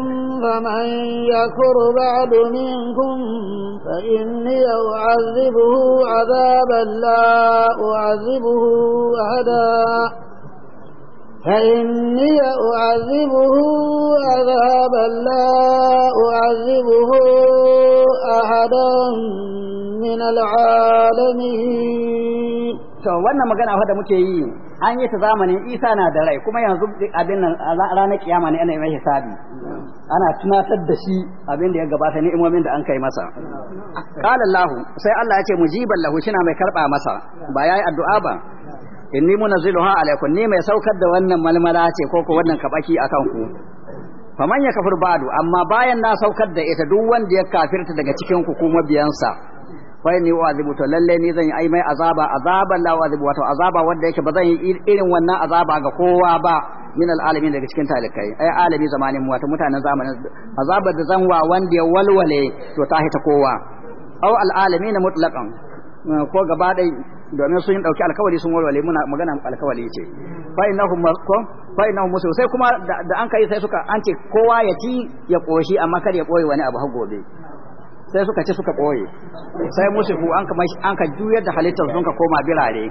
فمن يكفر بعد منكم فإني أعذبه عذابا لا أعذبه أحدا فإني أعذبه عذابا لا أعذبه أحدا من العالمين to wannan magana fa da muke yi an yi ta zamanin Isa na da rai kuma yanzu abin nan ranar kiyama ne ana yi hisabi ana tunatar da shi abin da ya gabata ne imomin da an kai masa qala Allah sai Allah ya ce mujiban lahu na mai karba masa ba yayi addu'a ba inni munazziluha alaikum ni mai saukar da wannan malmala ce ko ko wannan kabaki akan ku faman ya kafir badu amma bayan na saukar da ita duk wanda ya kafirta daga cikin ku kuma biyansa fa inni u'adhibu to lalle ni zan yi ai mai azaba azaba la u'adhibu wato azaba wanda yake ba zan yi irin wannan azaba ga kowa ba min alalamin daga cikin talikai ai alami zamanin mu wato mutanen zamanin azabar da zan wa wanda ya walwale to ta hita kowa aw alalamin mutlaqan ko gaba dai domin sun dauki alkawari sun walwale muna magana alkawari ce fa innahum ko fa innahum musu sai kuma da an kai sai suka an ce kowa ya ci ya koshi amma kar ya koyi wani abu har gobe sai suka ci suka ɓoye sai musu ku an kama an ka juyar da halittar sun ka koma birane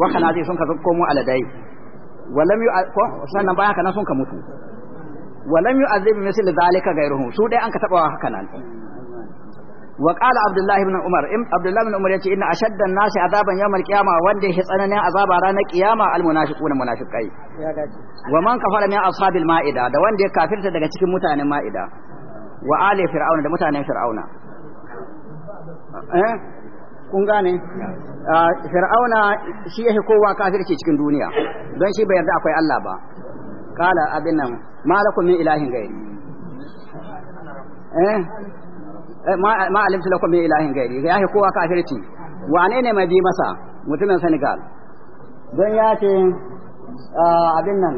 waka na zai sun ka komo aladai walam yu ko sannan baya kana sun ka mutu walam yu azibu misl zalika gairuhu su dai an ka taba haka nan wa qala abdullahi ibn umar in abdullahi ibn umar yace inna ashadda an-nas azaban yawm al-qiyamah wanda ya tsananin azaba ranar qiyama al-munafiquna munafiqai wa man kafara min ashabil ma'ida da wanda ya kafirta daga cikin mutanen ma'ida wa ali fir'auna da mutanen fir'auna eh kun gane fir'auna shi yake kowa kafirci cikin duniya don shi bai yarda akwai Allah ba kala abin nan malakum min ilahin gairi eh ma alimtu lakum min ilahin gairi yake kowa kafirci wane ne mai bi masa mutumin Senegal don ya ce abin nan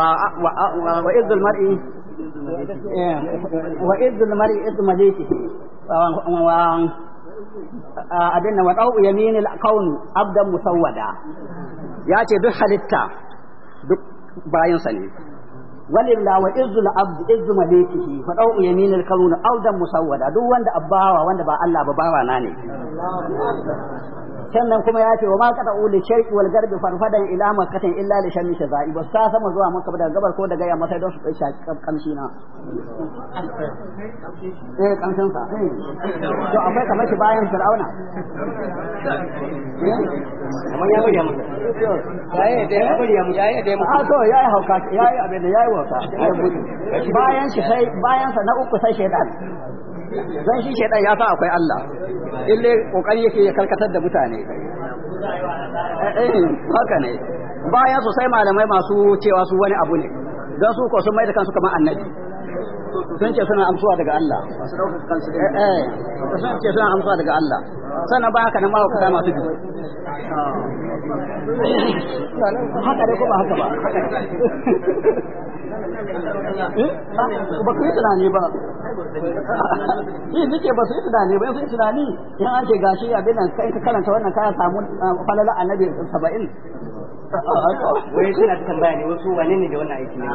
wa mar'i Eh, wa izzul mar'i izzu maliki wa abinda wa dau yaminil qauni abdan musawwada ya ce duk halitta duk bayan sa ne walilla wa izzul abd izzu malikihi fa dau yaminil qauni abdan musawwada duk wanda abbawa wanda ba Allah ba bawa na ne sannan kuma ya ce wa ma kada uli sharqi wal garbi farfadan ila makkatin illa li shammi shazai ba sa sama zuwa maka daga gabar ko daga yamma sai don su kai kamshi na eh kamshin sa eh. to akwai kamar shi bayan fir'auna eh. kamar ya bari yayi ah, da ya yayi da a to yayi hauka yayi abin da yayi bayan shi sai bayan sa na uku sai shaytan don shi shaidan ya san akwai Allah ille kokari yake ya karkatar da mutane eh, eh haka ne su sosai malamai masu cewa su wani abu ne don su ko sun mai da kansu kamar annabi sun ce suna amsuwa daga Allah eh, eh, sun ce suna amsuwa daga Allah sannan haka nan ma kuta masu bi ah. haka ne ko ba haka ba ba ku yi tunani ba shi suke ba su yi tunani ba su yi tunani in an gashi abin nan kai ka karanta wannan ka samu falala annabi saba'in wai suna tambaya ne wasu wani ne da wannan aiki ne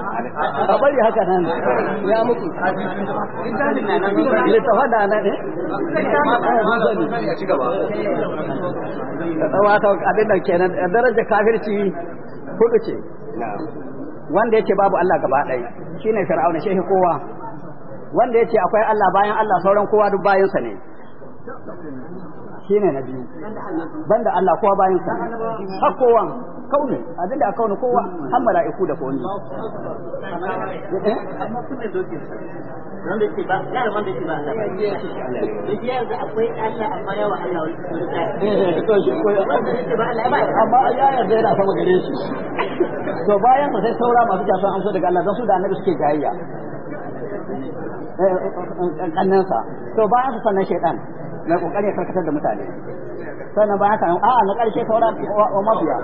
a bari haka nan ya mutu littafa da nan ne wato abin da kenan darajar kafirci hudu ce wanda yake babu Allah gaba ɗaya ne fir'auna shehi kowa wanda yace akwai Allah bayan Allah sauran kowa duk bayansa ne shine na biyu banda Allah kowa bayan sa har kowa kauni abin da aka kowa har mala'iku da kowa amma Allah da ya yarda yana sama gare shi to bayan mu sai saura masu jasa daga Allah don su da annabi suke jayayya kannansa to bayan sannan shaidan mai kokari ya karkatar da mutane sannan ba haka a na karshe saura wa mabiya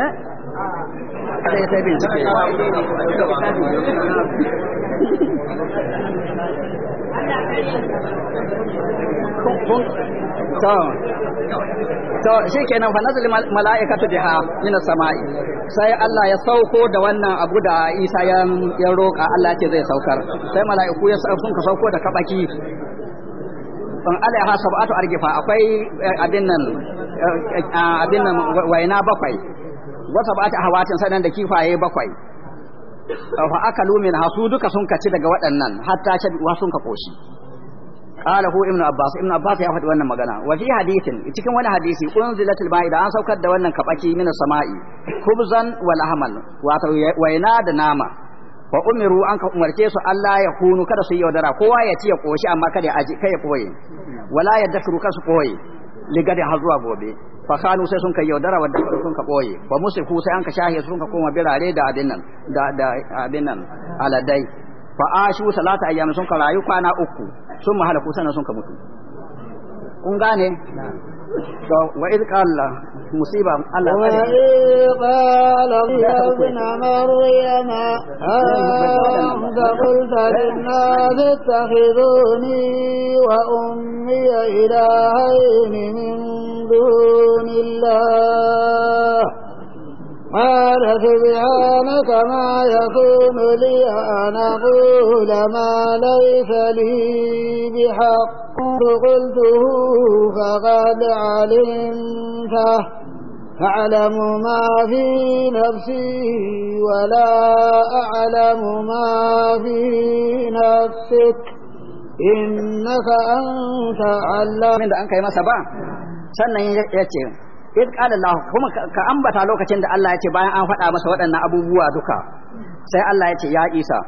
eh sai sai bin to to shikenan fa nazal mala'ikatu biha min samai sai Allah ya sauko da wannan abu da Isa ya ya roka Allah ce zai saukar sai mala'iku ya sun ka sauko da kabaki an alaiha sab'atu argifa akwai eh, abin nan eh, eh, abin nan waina bakwai wasa ba ta hawatin sanan da kifaye bakwai fa aka min hasu duka sun kaci daga waɗannan hatta ce wa sun ka koshi qala hu ibnu abbas ibnu abbas ya faɗi wannan magana wa fi hadithin cikin wani hadisi unzilatul ba'ida an saukar da wannan kabaki min sama'i khubzan wal ahmal ta waina da nama wa umiru an ka umarce su Allah ya hunu kada su yaudara kowa ya ci ya koshi amma kada ya aji kai ya koyi wala ya dakru kasu koyi ligada har zuwa gobe fa kanu sai sun kai yaudara wadda sun ka boye ba ku sai an ka shahe sun ka koma birare da abin nan da da abin nan aladai fa ashu salata ayyam sun ka rayu kwana uku sun ku sannan sun ka mutu kun gane to wa id qala musiba Allah wa id qala ibn maryam anta qulta linnas ittakhiduni wa ummi ilahaini min دون الله قال سبحانك ما يكون لي أن أقول ما ليس لي بحق قلته فقد علمته أعلم ما في نفسي ولا أعلم ما في نفسك إنك أنت علام من أنك يا مسبا sannan ya ce in qala Allah kuma ka ambata lokacin da Allah ya ce bayan an faɗa masa waɗannan abubuwa duka sai Allah ya ce ya Isa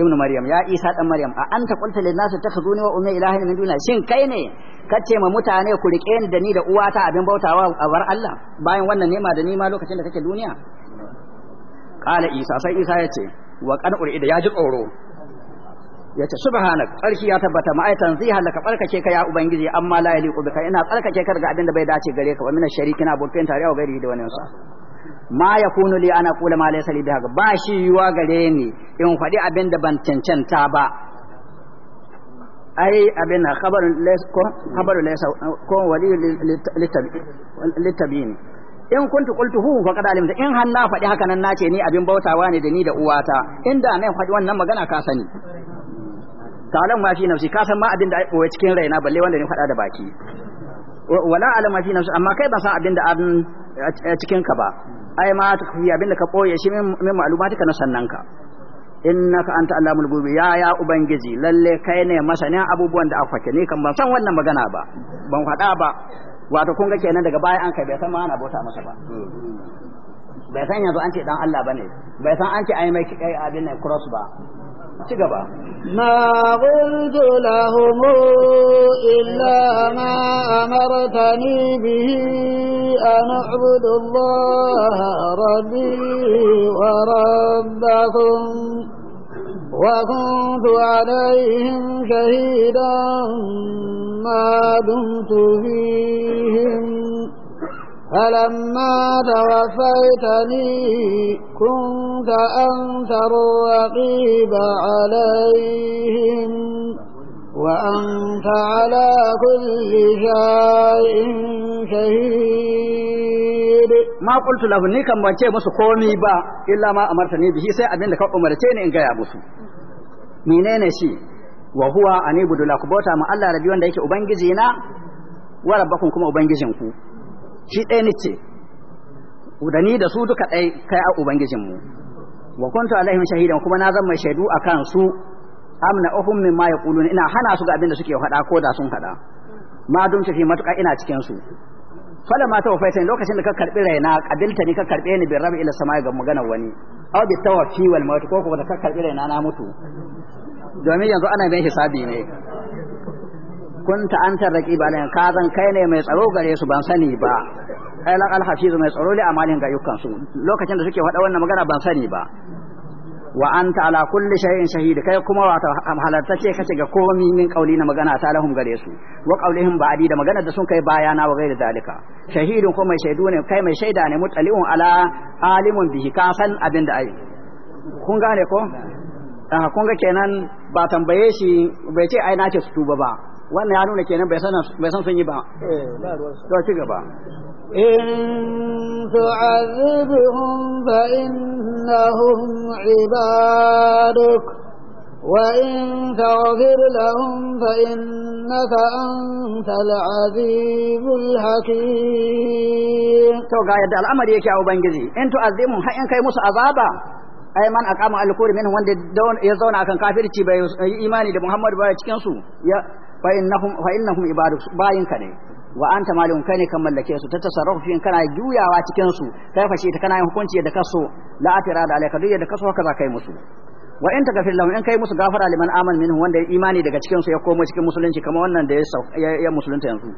ibnu Maryam ya Isa dan Maryam a anta qulta lin nas takhuduni wa ummi ilahin min duna shin kai ne ka ce ma mutane ku rike ni da ni da uwata abin bautawa a bar Allah bayan wannan nema da nima lokacin da kake duniya qala Isa sai Isa ya ce wa qan urida ya ji tsoro ya ce subhanak tsarki ya tabbata ma'aikatan zai halaka tsarkake ka ya ubangiji amma la yaliqu bika ina tsarkake ka daga abin da bai dace gare ka wa min shariki na abokin tare a gari da wani sa ma yakunu li ana qula ma laysa li bihaq ba shi yuwa gare ni in faɗi abin da ban cancanta ba ai abin khabaru laysa ko khabaru laysa ko wali litabini in kuntu qultuhu faqad alimta in hanna faɗi haka nan nace ni abin bautawa ne da ni da uwata inda nan faɗi wannan magana ka sani ta'lam ma fi nafsi ka san ma abin da ai boye cikin raina balle wanda ne faɗa da baki wala alama fi nafsi amma kai ba san abin da abin cikin ka ba ai ma ta kafi abin da ka boye shi min ma'lumatika na sannan ka innaka anta allamul gubi ya ya ubangiji lalle kai ne masanin abubuwan da aka ne kan ban san wannan magana ba ban faɗa ba wato kun ga kenan daga baya an kai bai san ma ana bauta masa ba bai san yanzu an ce dan Allah bane bai san an ce ai mai abin nan cross ba ci gaba ma qultu lahum illa ma amartani bihi an a'budu allaha rabbi wa rabbakum wa kuntu alayhim shahidan ma فلما توفيتني كنت أنت الرقيب عليهم وأنت على كل شيء شهيد ما قلت له ني كان musu komi ba illa ma amartani bihi sai abin da ka umarce ni in gaya musu menene shi wa huwa anibudu la kubota ma Allah rabbi wanda yake ubangiji na wa rabbakum kuma ubangijinku shi ɗaya ni ce da ni da su duka ɗai kai a ubangijinmu wa kuntu alaihim shahidan kuma na zama shaidu a kan su amna uhum mimma yaqulun ina hana su ga abin da suke faɗa ko da sun faɗa ma dun fi matuƙa ina cikin su fala ma tawfaita lokacin da ka karɓi raina ƙabilta ni ka karɓe ni bin rabi ila sama ga maganar wani au bi tawfi wal ko kuma da ka karbi raina na mutu domin yanzu ana bin hisabi ne kunta anta raqiba alayhi ka zan kai ne mai tsaro gare su ban sani ba al-hafiz mai tsaro li amalin ga su lokacin da suke faɗa wannan magana ban sani ba wa anta ala kulli shay'in shahid kai kuma wato halartacce kace ga komi min kauli na magana ta lahum gare su wa qaulihim ba'di da magana da sun kai bayana wa gairi dalika shahidun kuma shaidu ne kai mai shaida ne mutali'un ala alimun bihi ka san abin da ai kun gane ko ah kun ga kenan ba tambaye shi bai ce ai na ce su tuba ba wannan ya nuna kenan bai san bai san sun yi ba eh, to ci gaba إن تعذبهم فإنهم عبادك وإن تغفر لهم فإنك أنت العزيز الحكيم تو قاعد الأمر يكي أو بنجزي إن تعذبهم هل إن موسى عذابا ai man aqama al-kur min wanda ya zauna akan kafirci bai imani da Muhammad ba cikin su ya fa innahum ne wa anta malikun kai ne kan mallake su ta tasarrufu fi kana juyawa cikin su kai fashe ta kana yin hukunci da kaso la atira da alaka duk da kaso haka za kai musu wa in gafir lahum in kai musu gafara liman aman minhu wanda ya imani daga cikin su ya komo cikin musulunci kamar wannan da ya ya musulunta yanzu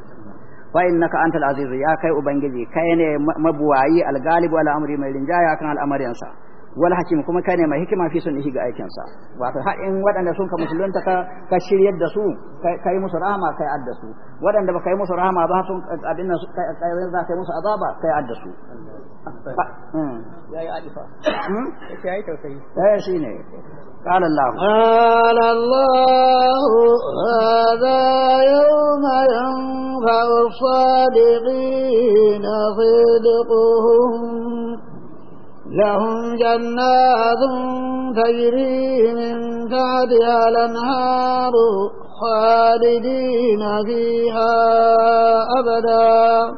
wa innaka antal aziz ya kai ubangiji kai ne mabuwayi algalibu ala amri mai rinjaya kan al'amarin sa wal hakim kuma kai ne mai hikima fi sunnihi ga aikinsa. wato har in waɗanda sun ka musulunta ka ka shiryar da su kai musu rahama kai adda su waɗanda ba kai musu rahama ba sun abin nan kai za kai musu azaba kai adda su yayi adifa yayi tausayi eh shine قال الله قال الله هذا يوم ينفع الصادقين صدقهم لهم جنات تجري من تحتها الأنهار خالدين فيها أبدا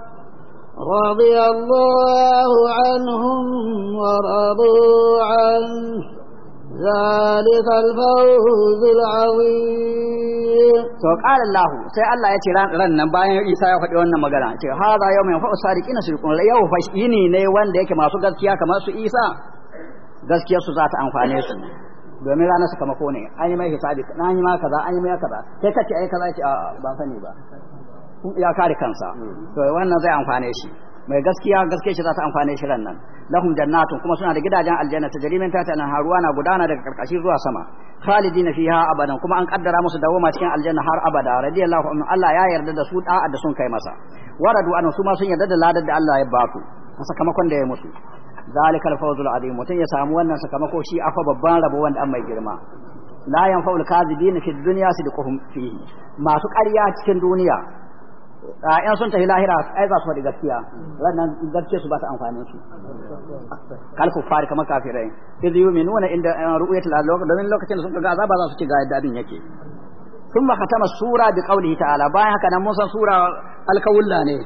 رضي الله عنهم ورضوا عنه ذلك الفوز العظيم to qala Allah sai Allah ya ce ran nan bayan Isa ya faɗi wannan magana ce hada yau mai fa'u sadiqina sirqun yau fa yini ne wanda yake masu gaskiya kamar su Isa gaskiyar su za ta amfane su domin ranar su ko ne an yi mai hisabi an yi ma kaza an yi mai kaza kai kace ai kaza ce a ban sani ba ya kare kansa hmm. to wannan zai amfane shi mai gaskiya gaskiya shi za ta amfane shi ran nan lahum jannatun kuma suna da gidajen aljanna ta jarimin ta tana haruwa na gudana daga karkashi zuwa sama khalidina fiha abadan kuma an kaddara musu dawoma cikin aljanna har abada radiyallahu anhu Allah ya yarda da su da'a da sun kai masa waradu an su ma sun yarda da ladar da Allah ya ba su sakamakon da ya musu zalikal fawzul azim mutun ya samu wannan sakamako shi afa babban rabo wanda an mai girma la yanfa'ul kadhibina fid dunya sidquhum fihi masu ƙarya cikin duniya A ah, in sun tafi lahira ai za su faɗi gaskiya wannan gaskiya su ba ta amfani su Kalku fari kamar kafirai iz yu'minuna inda eh, ru'yatil azab domin lokacin da sun ga azaba za su ci ga yadda abin yake thumma khatama sura bi qawlihi ta'ala bayan haka nan mun san sura alkawulla ne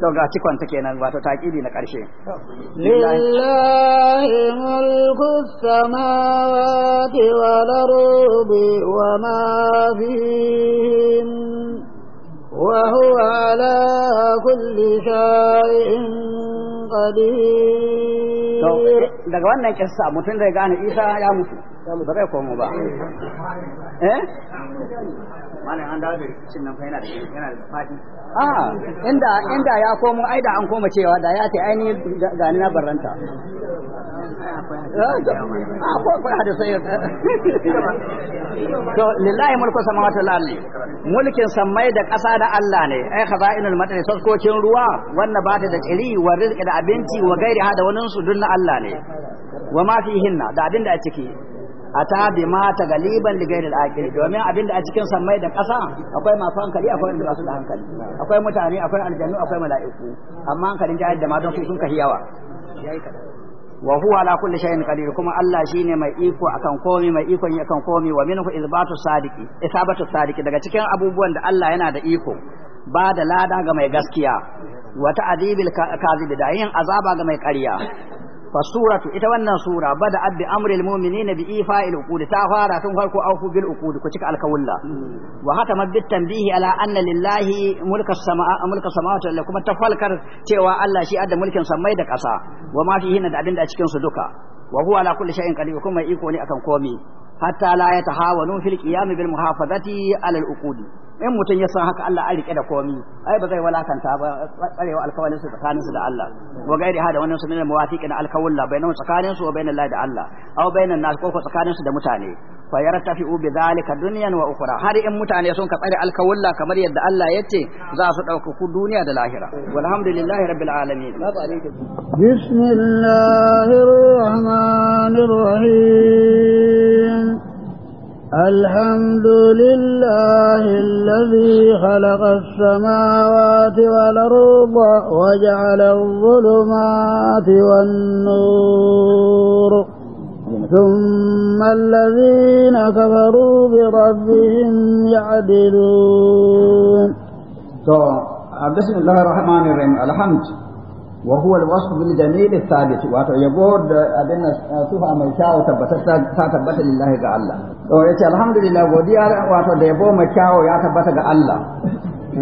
to ga cikon ta kenan wato taqibi na karshe lillahi mulku samawati wal ardi wa ma fihin وهو على كل شيء قدير daga wannan kissa mutum zai gane Isa ya mutu ba zai komo ba eh malam an dawo da nan fa yana da yana da fadi a ah, inda inda ya komo ai da an koma cewa da ya ce ainihin ga ni na barranta ah, akwai hadisai to lillahi mulku samawati wal ardi mulkin samai da ƙasa da Allah ne ai khaza'inul matani saskokin ruwa wannan ba ta da tsiri wa rizqi da abinci wa gairi hada wannan su dunna Allah ne wa ma fihinna da abin da a ciki ata bi ma galiban li gairil aqil domin abinda a cikin sammai da ƙasa akwai masu hankali akwai wanda ba da hankali akwai mutane akwai aljannu akwai mala'iku amma hankalin jahil da don su sun kahi yawa wa huwa ala kulli shay'in qadir kuma Allah shine mai iko akan komai mai iko yin akan komai wa minhu izbatu sadiqi isabatu sadiqi daga cikin abubuwan da Allah yana da iko ba da lada ga mai gaskiya wa ta'dibil kazibi da yin azaba ga mai ƙarya fasuratu ita wannan sura bada abbi amril mu'minina bi ifa'il uqud ta fara tun farko auku bil uqud ku cika alkawulla wa hata mabit tanbihi ala anna lillahi mulka samaa mulka samawati kuma ta falkar cewa Allah shi adda mulkin samai da ƙasa wa ma fihi da abinda a cikin su duka wa huwa ala kulli shay'in qadir kuma iko ne akan komai hatta la yatahawanu fil qiyam bil muhafazati ala al uqud in mutum ya san haka Allah an rike da komi ai ba zai walakanta ba tsarewa alkawarin su tsakaninsu da Allah wa gairi hada wannan su ne muwafiqin alkawalla bainan tsakanin su wa bainan Allah da Allah aw bainan nas ko tsakanin su da mutane fa yartafi'u bi zalika dunyan wa ukhra har in mutane sun ka tsare alkawalla kamar yadda Allah yace za su dauka ku duniya da lahira walhamdulillahi rabbil alamin bismillahir rahmanir rahim الحمد لله الذي خلق السماوات والأرض وجعل الظلمات والنور ثم الذين كفروا بربهم يعدلون بسم الله الرحمن الرحيم الحمد wa huwa al-wasf bil jamil thabit wato yabo da abin sufa mai kyawu tabbata ta tabbata lillahi ga Allah to yace alhamdulillah godiya wato da yabo mai kyawu ya tabbata ga Allah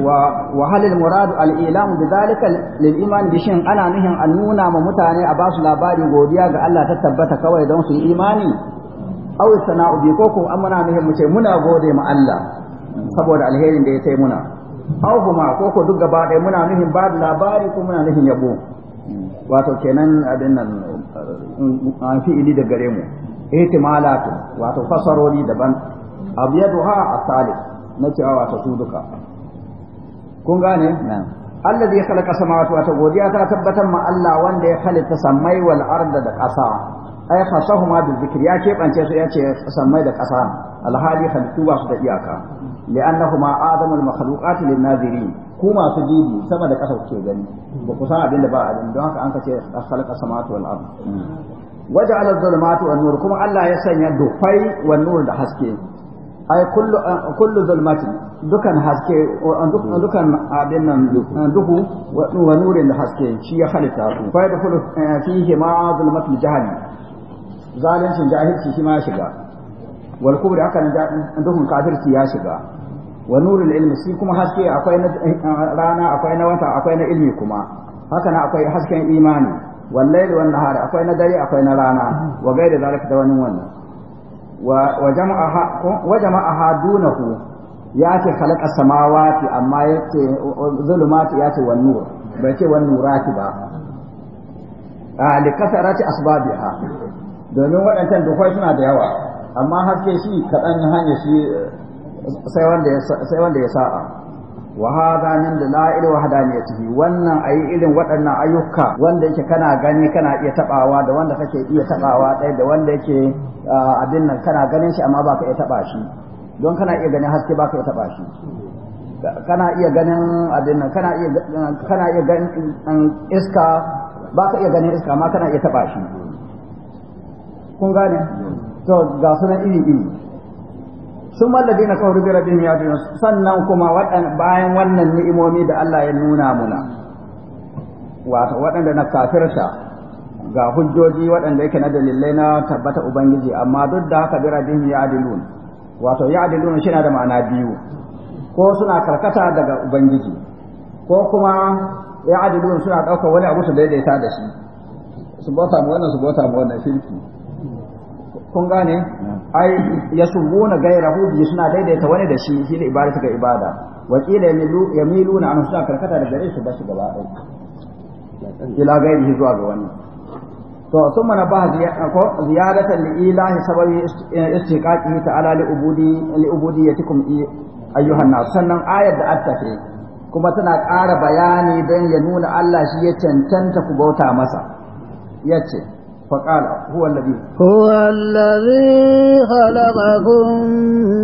wa wa halil murad al-ilam bidhalika lil iman bi shin ana nuhin an nuna ma mutane a basu labari godiya ga Allah ta tabbata kawai don su yi imani aw sana'u bi ko ko amana nuhin mu ce muna gode ma Allah saboda alherin da ya taimuna muna auhuma ko ko duk gaba ɗaya muna nufin ba da labari ko muna nufin yabo wato kenan abin nan uh, an fi'ili da gare mu ihtimalatu wato fasaroli daban abyaduha asalis na cewa ah, wato su duka kun gane alladhi khalaqa samawati wa godiya ta tabbatan ma Allah wanda ya khalaqa samai wal arda da ƙasa ai khasahuma bil zikri ya keɓance su ya ce sammai da ƙasa alhali halittu ba su da iyaka li'annahuma adamul makhluqat lin naziri. ku masu dibi sama da ƙasa kuke gani ba ku san abin da ba abin don haka an kace khalaqa samawati wal ard waja'ala adh-dhulumati wan nur kuma Allah ya sanya dufai wa nur da haske ai kullu kullu zulmati dukan haske dukan abin nan duhu wa nurin da haske shi ya halitta su fa da kullu eh, fihi ma zulmatul jahannam zalincin jahilci shi ma shiga wal kubri haka nan duhun kafirci ya shiga wa nurul ilmi shi kuma haske akwai na rana akwai na wata akwai na ilmi kuma haka nan akwai hasken imani wallahi wan nahari akwai na dare akwai na rana wa gaida zalika da wani wannan wa jama'a wa jama'a hadunahu ya ce khalaqa samawati amma yace zulumati ya ce wan nur bai ce wan nurati ba a ah, likasarati asbabiha domin waɗancan dukwai suna da yawa amma haske shi kaɗan hanyar shi sai wanda ya sa'a wa hada min ne wahdaniyatihi wannan ayi irin waɗannan ayyuka wanda yake kana gani kana iya tabawa da wanda kake iya tabawa ɗaya da wanda yake abin nan kana ganin shi amma baka iya taba shi don kana iya ganin haske baka iya taba shi kana iya ganin abin nan kana iya kana iya ganin um, iska baka iya ganin iska amma kana iya taba shi kun gane to ga sunan iri iri sun mallabi na kawar bira bin ya sannan kuma bayan wannan ni'imomi da Allah ya nuna muna wato waɗanda na kafirta ga hujjoji waɗanda yake na dalilai na tabbata ubangiji amma duk da haka bira bin ya adilun wato ya adilun shi na da ma'ana biyu ko suna karkata daga ubangiji ko kuma ya adilun suna ɗaukar wani abu su daidaita da shi su bauta mu wannan su bauta mu wannan shirki kun gane ai yasubuna gairahu bi suna daidaita wani da shi shi da ibadatu ga ibada wakila yamilu na suka karkata da gare su da shi gaba ɗaya ila gairihi zuwa ga wani to sun mana ba ziyaratan li ilahi sababi istiqaqi ta'ala li ubudi li ubudiyatikum ayyuhan nas sannan ayat da attafe kuma tana ƙara bayani don ya nuna Allah shi ya cancanta ku bauta masa yace فقال هو الذي هو الذي خلقكم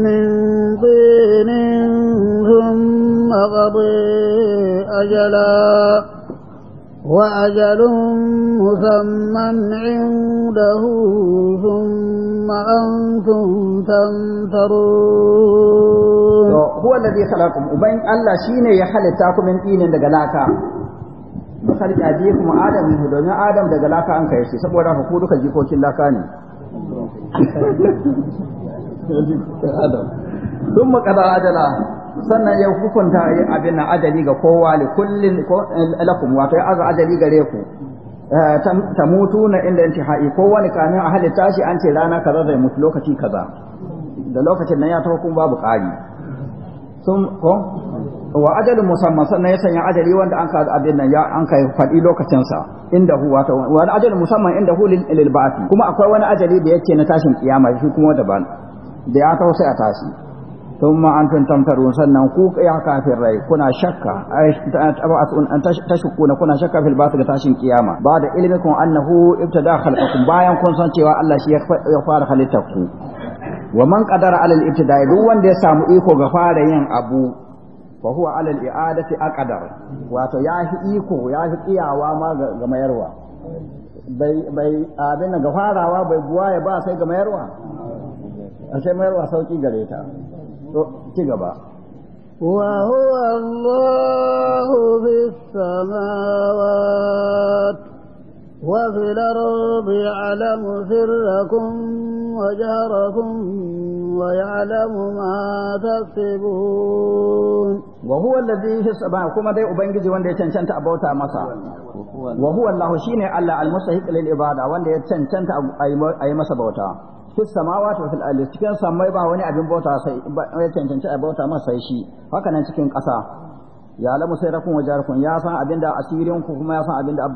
من طين ثم قضي أجلا وأجل مسمى عنده ثم أنتم تمترون هو الذي خلقكم وبين الله شيني يحلتاكم من طين دقلاكا bi biyu kuma adam domin adam daga laka an kai shi saboda haka ku duka jikokin laka ne sun makada ajala sannan ya hukunta abin ajali ga kowa ne kullin lakum wato ya aza ajali gare ku ta mutu na inda yanci ha'i kowane kamin a halitta shi an ce rana kaza zai mutu lokaci kaza da lokacin nan ya taho kun babu ƙari sun ko wa ajalin musamman sannan ya sanya ajali wanda an ka abin nan ya an kai faɗi lokacin sa inda hu wato wani ajalin musamman inda hu lil ba'ati kuma akwai wani ajali da yake na tashin kiyama shi kuma daban da ya taho sai a tashi thumma antum tamtarun sannan ku ya rai kuna shakka an tashkuna kuna shakka fil ba'ati da tashin kiyama ba da ilmikum annahu ibtada khalqakum bayan kun san cewa Allah shi ya fara halittarku. wa man qadara alal ibtida'i duk wanda ya samu iko ga fara yin abu fa huwa ala al-i'adati aqdar wato ya fi iko ya fi iyawa ma ga mayarwa bai bai abin ga farawa bai buwa ya ba sai ga mayarwa sai mayarwa sauki gare ta to ci gaba Wa huwa allahu bis samawati وفي الأرض يعلم سركم وجهركم ويعلم ما تكسبون وهو الذي يسبع كما دي أبنجي وان دي تنشنت أبوتا مسا وهو الله شيني الله المستحق للعبادة وان دي تنشنت أي مسا بوتا في السماوات وفي الأرض cikin sammai wani abin bauta sai cancanci a bauta masa sai shi haka nan cikin ƙasa ya lamu sai rakun wajarakun ya san abin da asirin ku kuma ya san abin da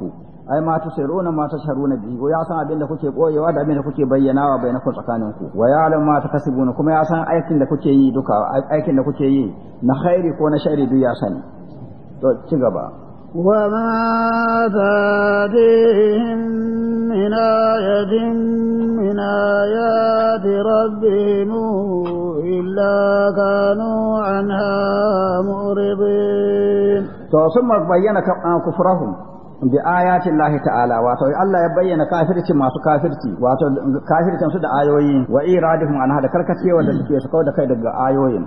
ku ai ma tusiruna ma tasharuna bihi wa ya san abin da kuke koyewa da abin da kuke bayyanawa bainakum tsakanin ku wa ya alam ma takasibuna kuma ya san aikin da kuke yi duka aikin da kuke yi na khairi ko na shari duk ya sani to ci gaba wa ma tadihim min ayatin min ayati rabbihim illa kanu anha muridin to sun bayyana kufrahum bi ayatin lahi ta'ala wato Allah ya bayyana kafircin masu kafirci wato kafircin su da ayoyi wa iradihum an hada karkacewa da suke su da kai daga ayoyin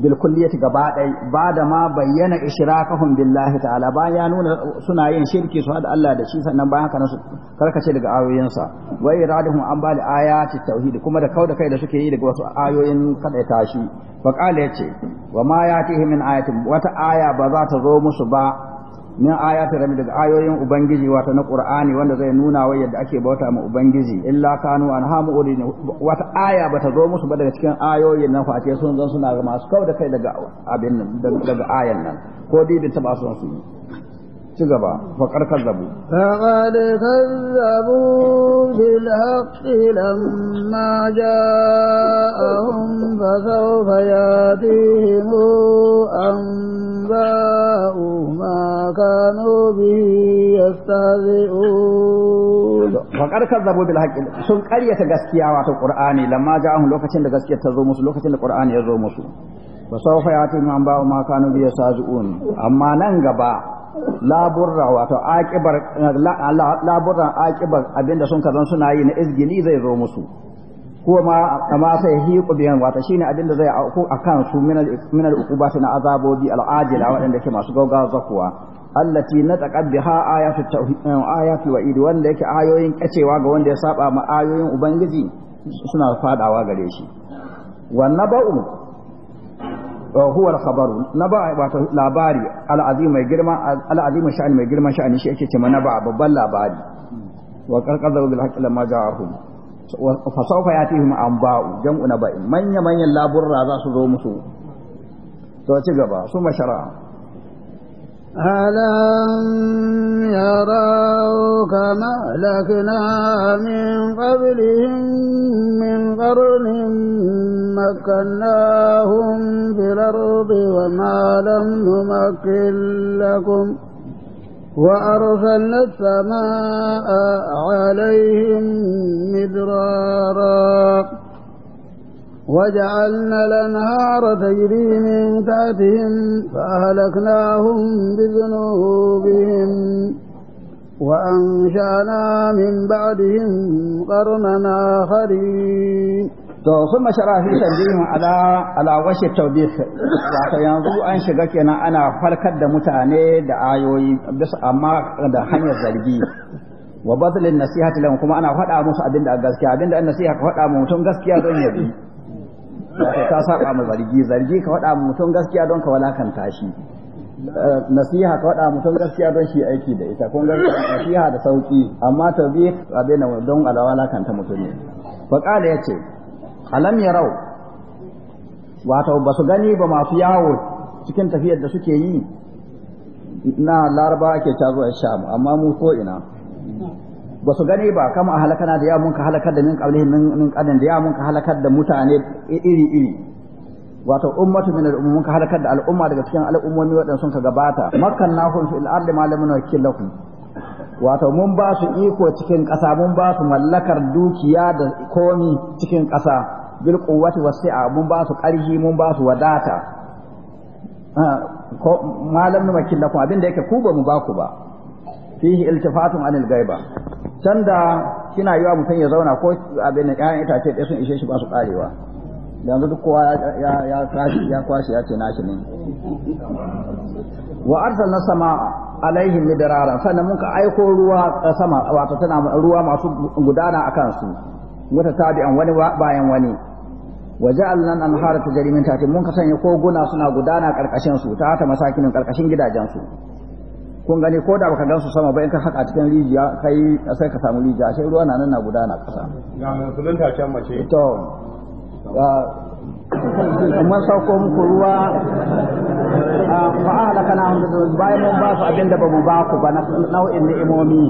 bil kulliyati gaba dai ba da ma bayyana ishrakahum billahi ta'ala ba ya nuna suna yin shirki su hada Allah da shi sannan bayan haka su karkace daga ayoyinsa wa iradihum an ba da ayati tauhid kuma da kauda kai da suke yi daga wasu ayoyin kada tashi fa qala yace wa ma yatihi min ayatin wata aya ba za ta zo musu ba min ayati rabbi daga ayoyin ubangiji wato na qur'ani wanda zai nuna wa yadda ake bauta ma ubangiji illa kanu an hamu wata aya bata zo musu ba daga cikin ayoyin nan face sun zan suna ga masu kau da kai daga abin nan daga ayan nan ko dai da taba son su yi ci gaba faƙar kazzabu faƙad kazzabu bil haqqi lamma ja'ahum fa sawfa yatihim anba'u ma kanu bihi yastahzi'un faƙar kazzabu bil haqqi sun ƙaryata gaskiya wato qur'ani lamma ja'ahum lokacin da gaskiya ta zo musu lokacin da qur'ani ya zo musu fa sawfa yatihim anba'u ma kanu bihi yastahzi'un amma nan gaba laburra wato aqibar abinda sun kazan suna yi na izgini zai zo musu kuma kama sai hiqu biyan wato shine abinda zai auku akan su minal minal na azabobi al'ajila waɗanda ke masu gauga zakuwa allati nataqad biha ayatu tauhid wa eh, wa'id wanda yake ayoyin kacewa ga wanda ya saba ma ayoyin ubangiji suna fadawa gare shi wannan ba'u huwa al-khabaru naba wato labari al-azim mai girma al-azim sha'ani mai girma sha'ani shi yake ce mana ba babban labari wa qarqadhu bil haqqi lamma ja'ahum fa sawfa yatihim anba'u jam'u naba'in manya manyan laburra za su zo musu to ci gaba su mashara ألم يروا كما أهلكنا من قبلهم من قرن مكناهم في الأرض وما لم نمكن لكم وأرسلنا السماء عليهم مدرارا وجعلنا الأنهار تجري من تحتهم فأهلكناهم بذنوبهم وأنشأنا من بعدهم قرننا آخرين to sun mashara fi tarjihin ala ala washe taubih wato yanzu an shiga kenan ana farkar da mutane da ayoyi bisa amma da hanyar zargi wa bazlin nasihati lahum kuma ana faɗa musu abinda gaskiya abinda an nasiha ka faɗa mutum gaskiya don yabi ka saba ma zargi zargi ka faɗa mutum gaskiya don ka walakanta shi eh, nasiha ka faɗa mutum gaskiya don shi aiki da ita kun gaskiya nasiha da sauki amma tawbi abin da don alawalakanta mutum ne fa kala yace alam yarau wato ba su gani ba masu yawo cikin tafiyar da suke yi na laraba ake ta a sham amma mu ko ina ba su gani ba kama a halakana da yamun ka halakar da min qablihim min qadan da yamun ka halakar da mutane iri iri wato ummatu min al-ummun ka halakar da al'umma daga cikin al'ummomi waɗanda sun ka gabata fi fil ardi ma lam nuwakkil lakum wato mun ba su iko cikin ƙasa mun ba su mallakar dukiya da komi cikin ƙasa bil quwwati wasi'a mun ba su ƙarfi mun ba su wadata ah, ko malam nuwakkil abin da yake ku ba mu ba ku ba fihi iltifatun anil gaiba can da kina yiwa mutum ya zauna ko abin ƴaƴan itace ɗaya sun ishe shi ba su ƙarewa yanzu duk kowa ya ya ya kwashi ya ce nashi ne wa arsalna sama alaihim midrara sannan mun ka aiko ruwa eh, sama wato tana ruwa masu gudana a su wata tabi'an wani bayan wani wa ja'alna anhara tajri min tahti mun ka sanya koguna suna gudana karkashin su ta ta masakinin karkashin gidajen su kun gani ko da baka gan su sama ba in ka haka cikin rijiya kai sai ka samu rijiya sai ruwa na nan na gudana kasa ga musulun ta can mace to mun sauko muku ruwa fa'ala kana hamdu bayan mun ba su abin da ba mu ba ku ba nau'in ni'imomi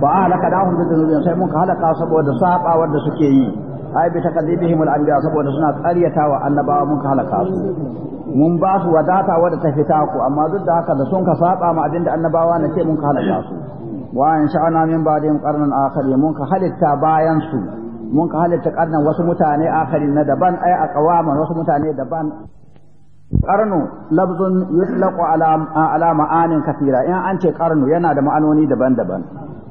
ba halaka da hun da sai mun halaka saboda sabawar wanda suke yi ai bi takadibihim al-anbiya saboda suna ƙaryatawa annabawa mun ka halaka su mun ba su wadata wadda ta fita ku amma duk da haka da sun ka saba ma abinda annabawa na ce mun ka halaka su wa an sha'ana min ba'dihim qarnan akhari mun ka halitta bayan su mun ka halitta karnan wasu mutane akhari na daban ai aqwaman wasu mutane daban Ƙarnu labzun yutlaqu ala ma'anin kafira in an ce ƙarnu yana da ma'anoni daban-daban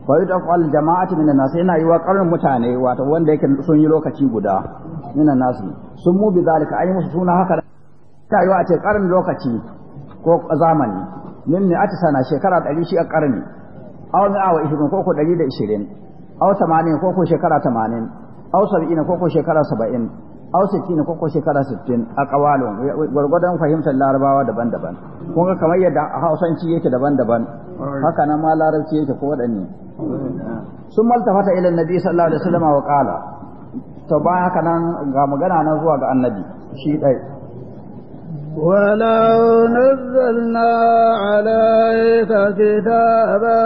fa yutlaqu al jama'ati minan nasi yana yi wa ƙarnun mutane wato wanda yake sun yi lokaci guda minan nasi. sun mu bi zalika ayi musu suna haka ta yi wa a ce ƙarnin lokaci ko zamani min ne ata sana shekara ɗari shi a ƙarni aw mi awa ishirin ko ko ɗari da ishirin aw tamanin ko ko shekara tamanin aw sab'ina ko ko shekara saba'in au sittin ko ko shekara sittin a kawalon gwargwadon fahimtar larabawa daban-daban kuma kamar yadda hausanci yake daban-daban haka nan ma larabci yake ko waɗanne sun maltafata ila nabi sallallahu alaihi wasallam wa qala to ba haka nan ga magana nan zuwa ga annabi shi dai ولو نزلنا عليك كتابا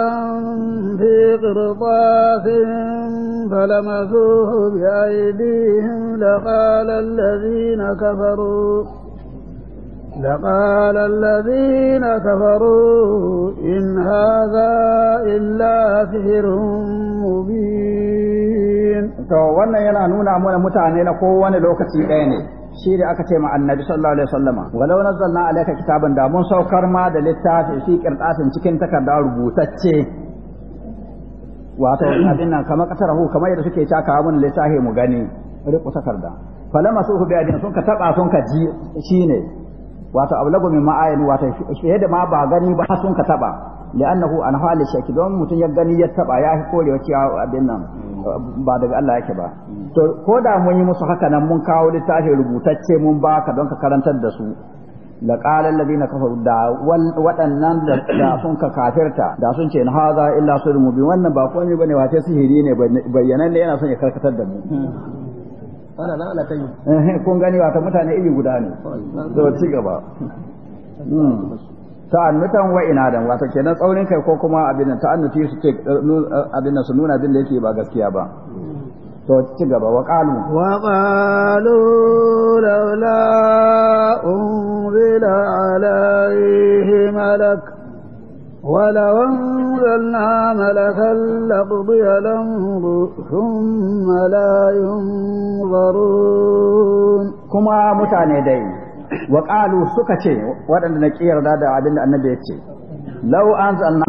في قرطاس فلمسوه بأيديهم لقال الذين كفروا لقال الذين كفروا إن هذا إلا سحر مبين. to wannan yana nuna mana mutane na kowane lokaci ɗaya ne shi da aka ce ma annabi sallallahu alaihi wasallama walau nazzalna alayka kitaban da mun saukar ma da littafi fi qirtasin cikin takarda rubutacce wato hmm. abin nan kamar kasarahu kamar yadda suke caka mun littafi mu gani riƙo takarda falama su bi adin sun ka taba sun ka ji shine wato ablagu min ma'ayin wato shi da ma ba gani ba sun ka taba li'annahu an hali shaki don mutum ya gani ya taba ya fi korewa cewa abin nan ba daga Allah yake ba to ko da mun yi musu haka nan mun kawo tashi rubutacce mun baka don ka karantar da su la qala alladhina kafaru da waɗannan da sun ka kafirta da sun ce na haza illa sirrun mubin wannan ba komai bane wace sihiri ne bayyanan ne yana son ya karkatar da mu ana na ala kai eh, kun gani wata mutane iri guda ne to ci gaba hmm. ta'annutan wa inadan wato kenan tsaurin kai ko kuma abin ta'annuti su ce eh, eh, abin su nuna abin da yake ba gaskiya ba to ci gaba wa qalu wa qalu laula unzila alaihi malak ولو أنزلنا ملكا لقضي الأمر ثم لا ينظرون كما متعني دي وقالوا سكتي وأن نكير دادا عبد النبي لو أنزلنا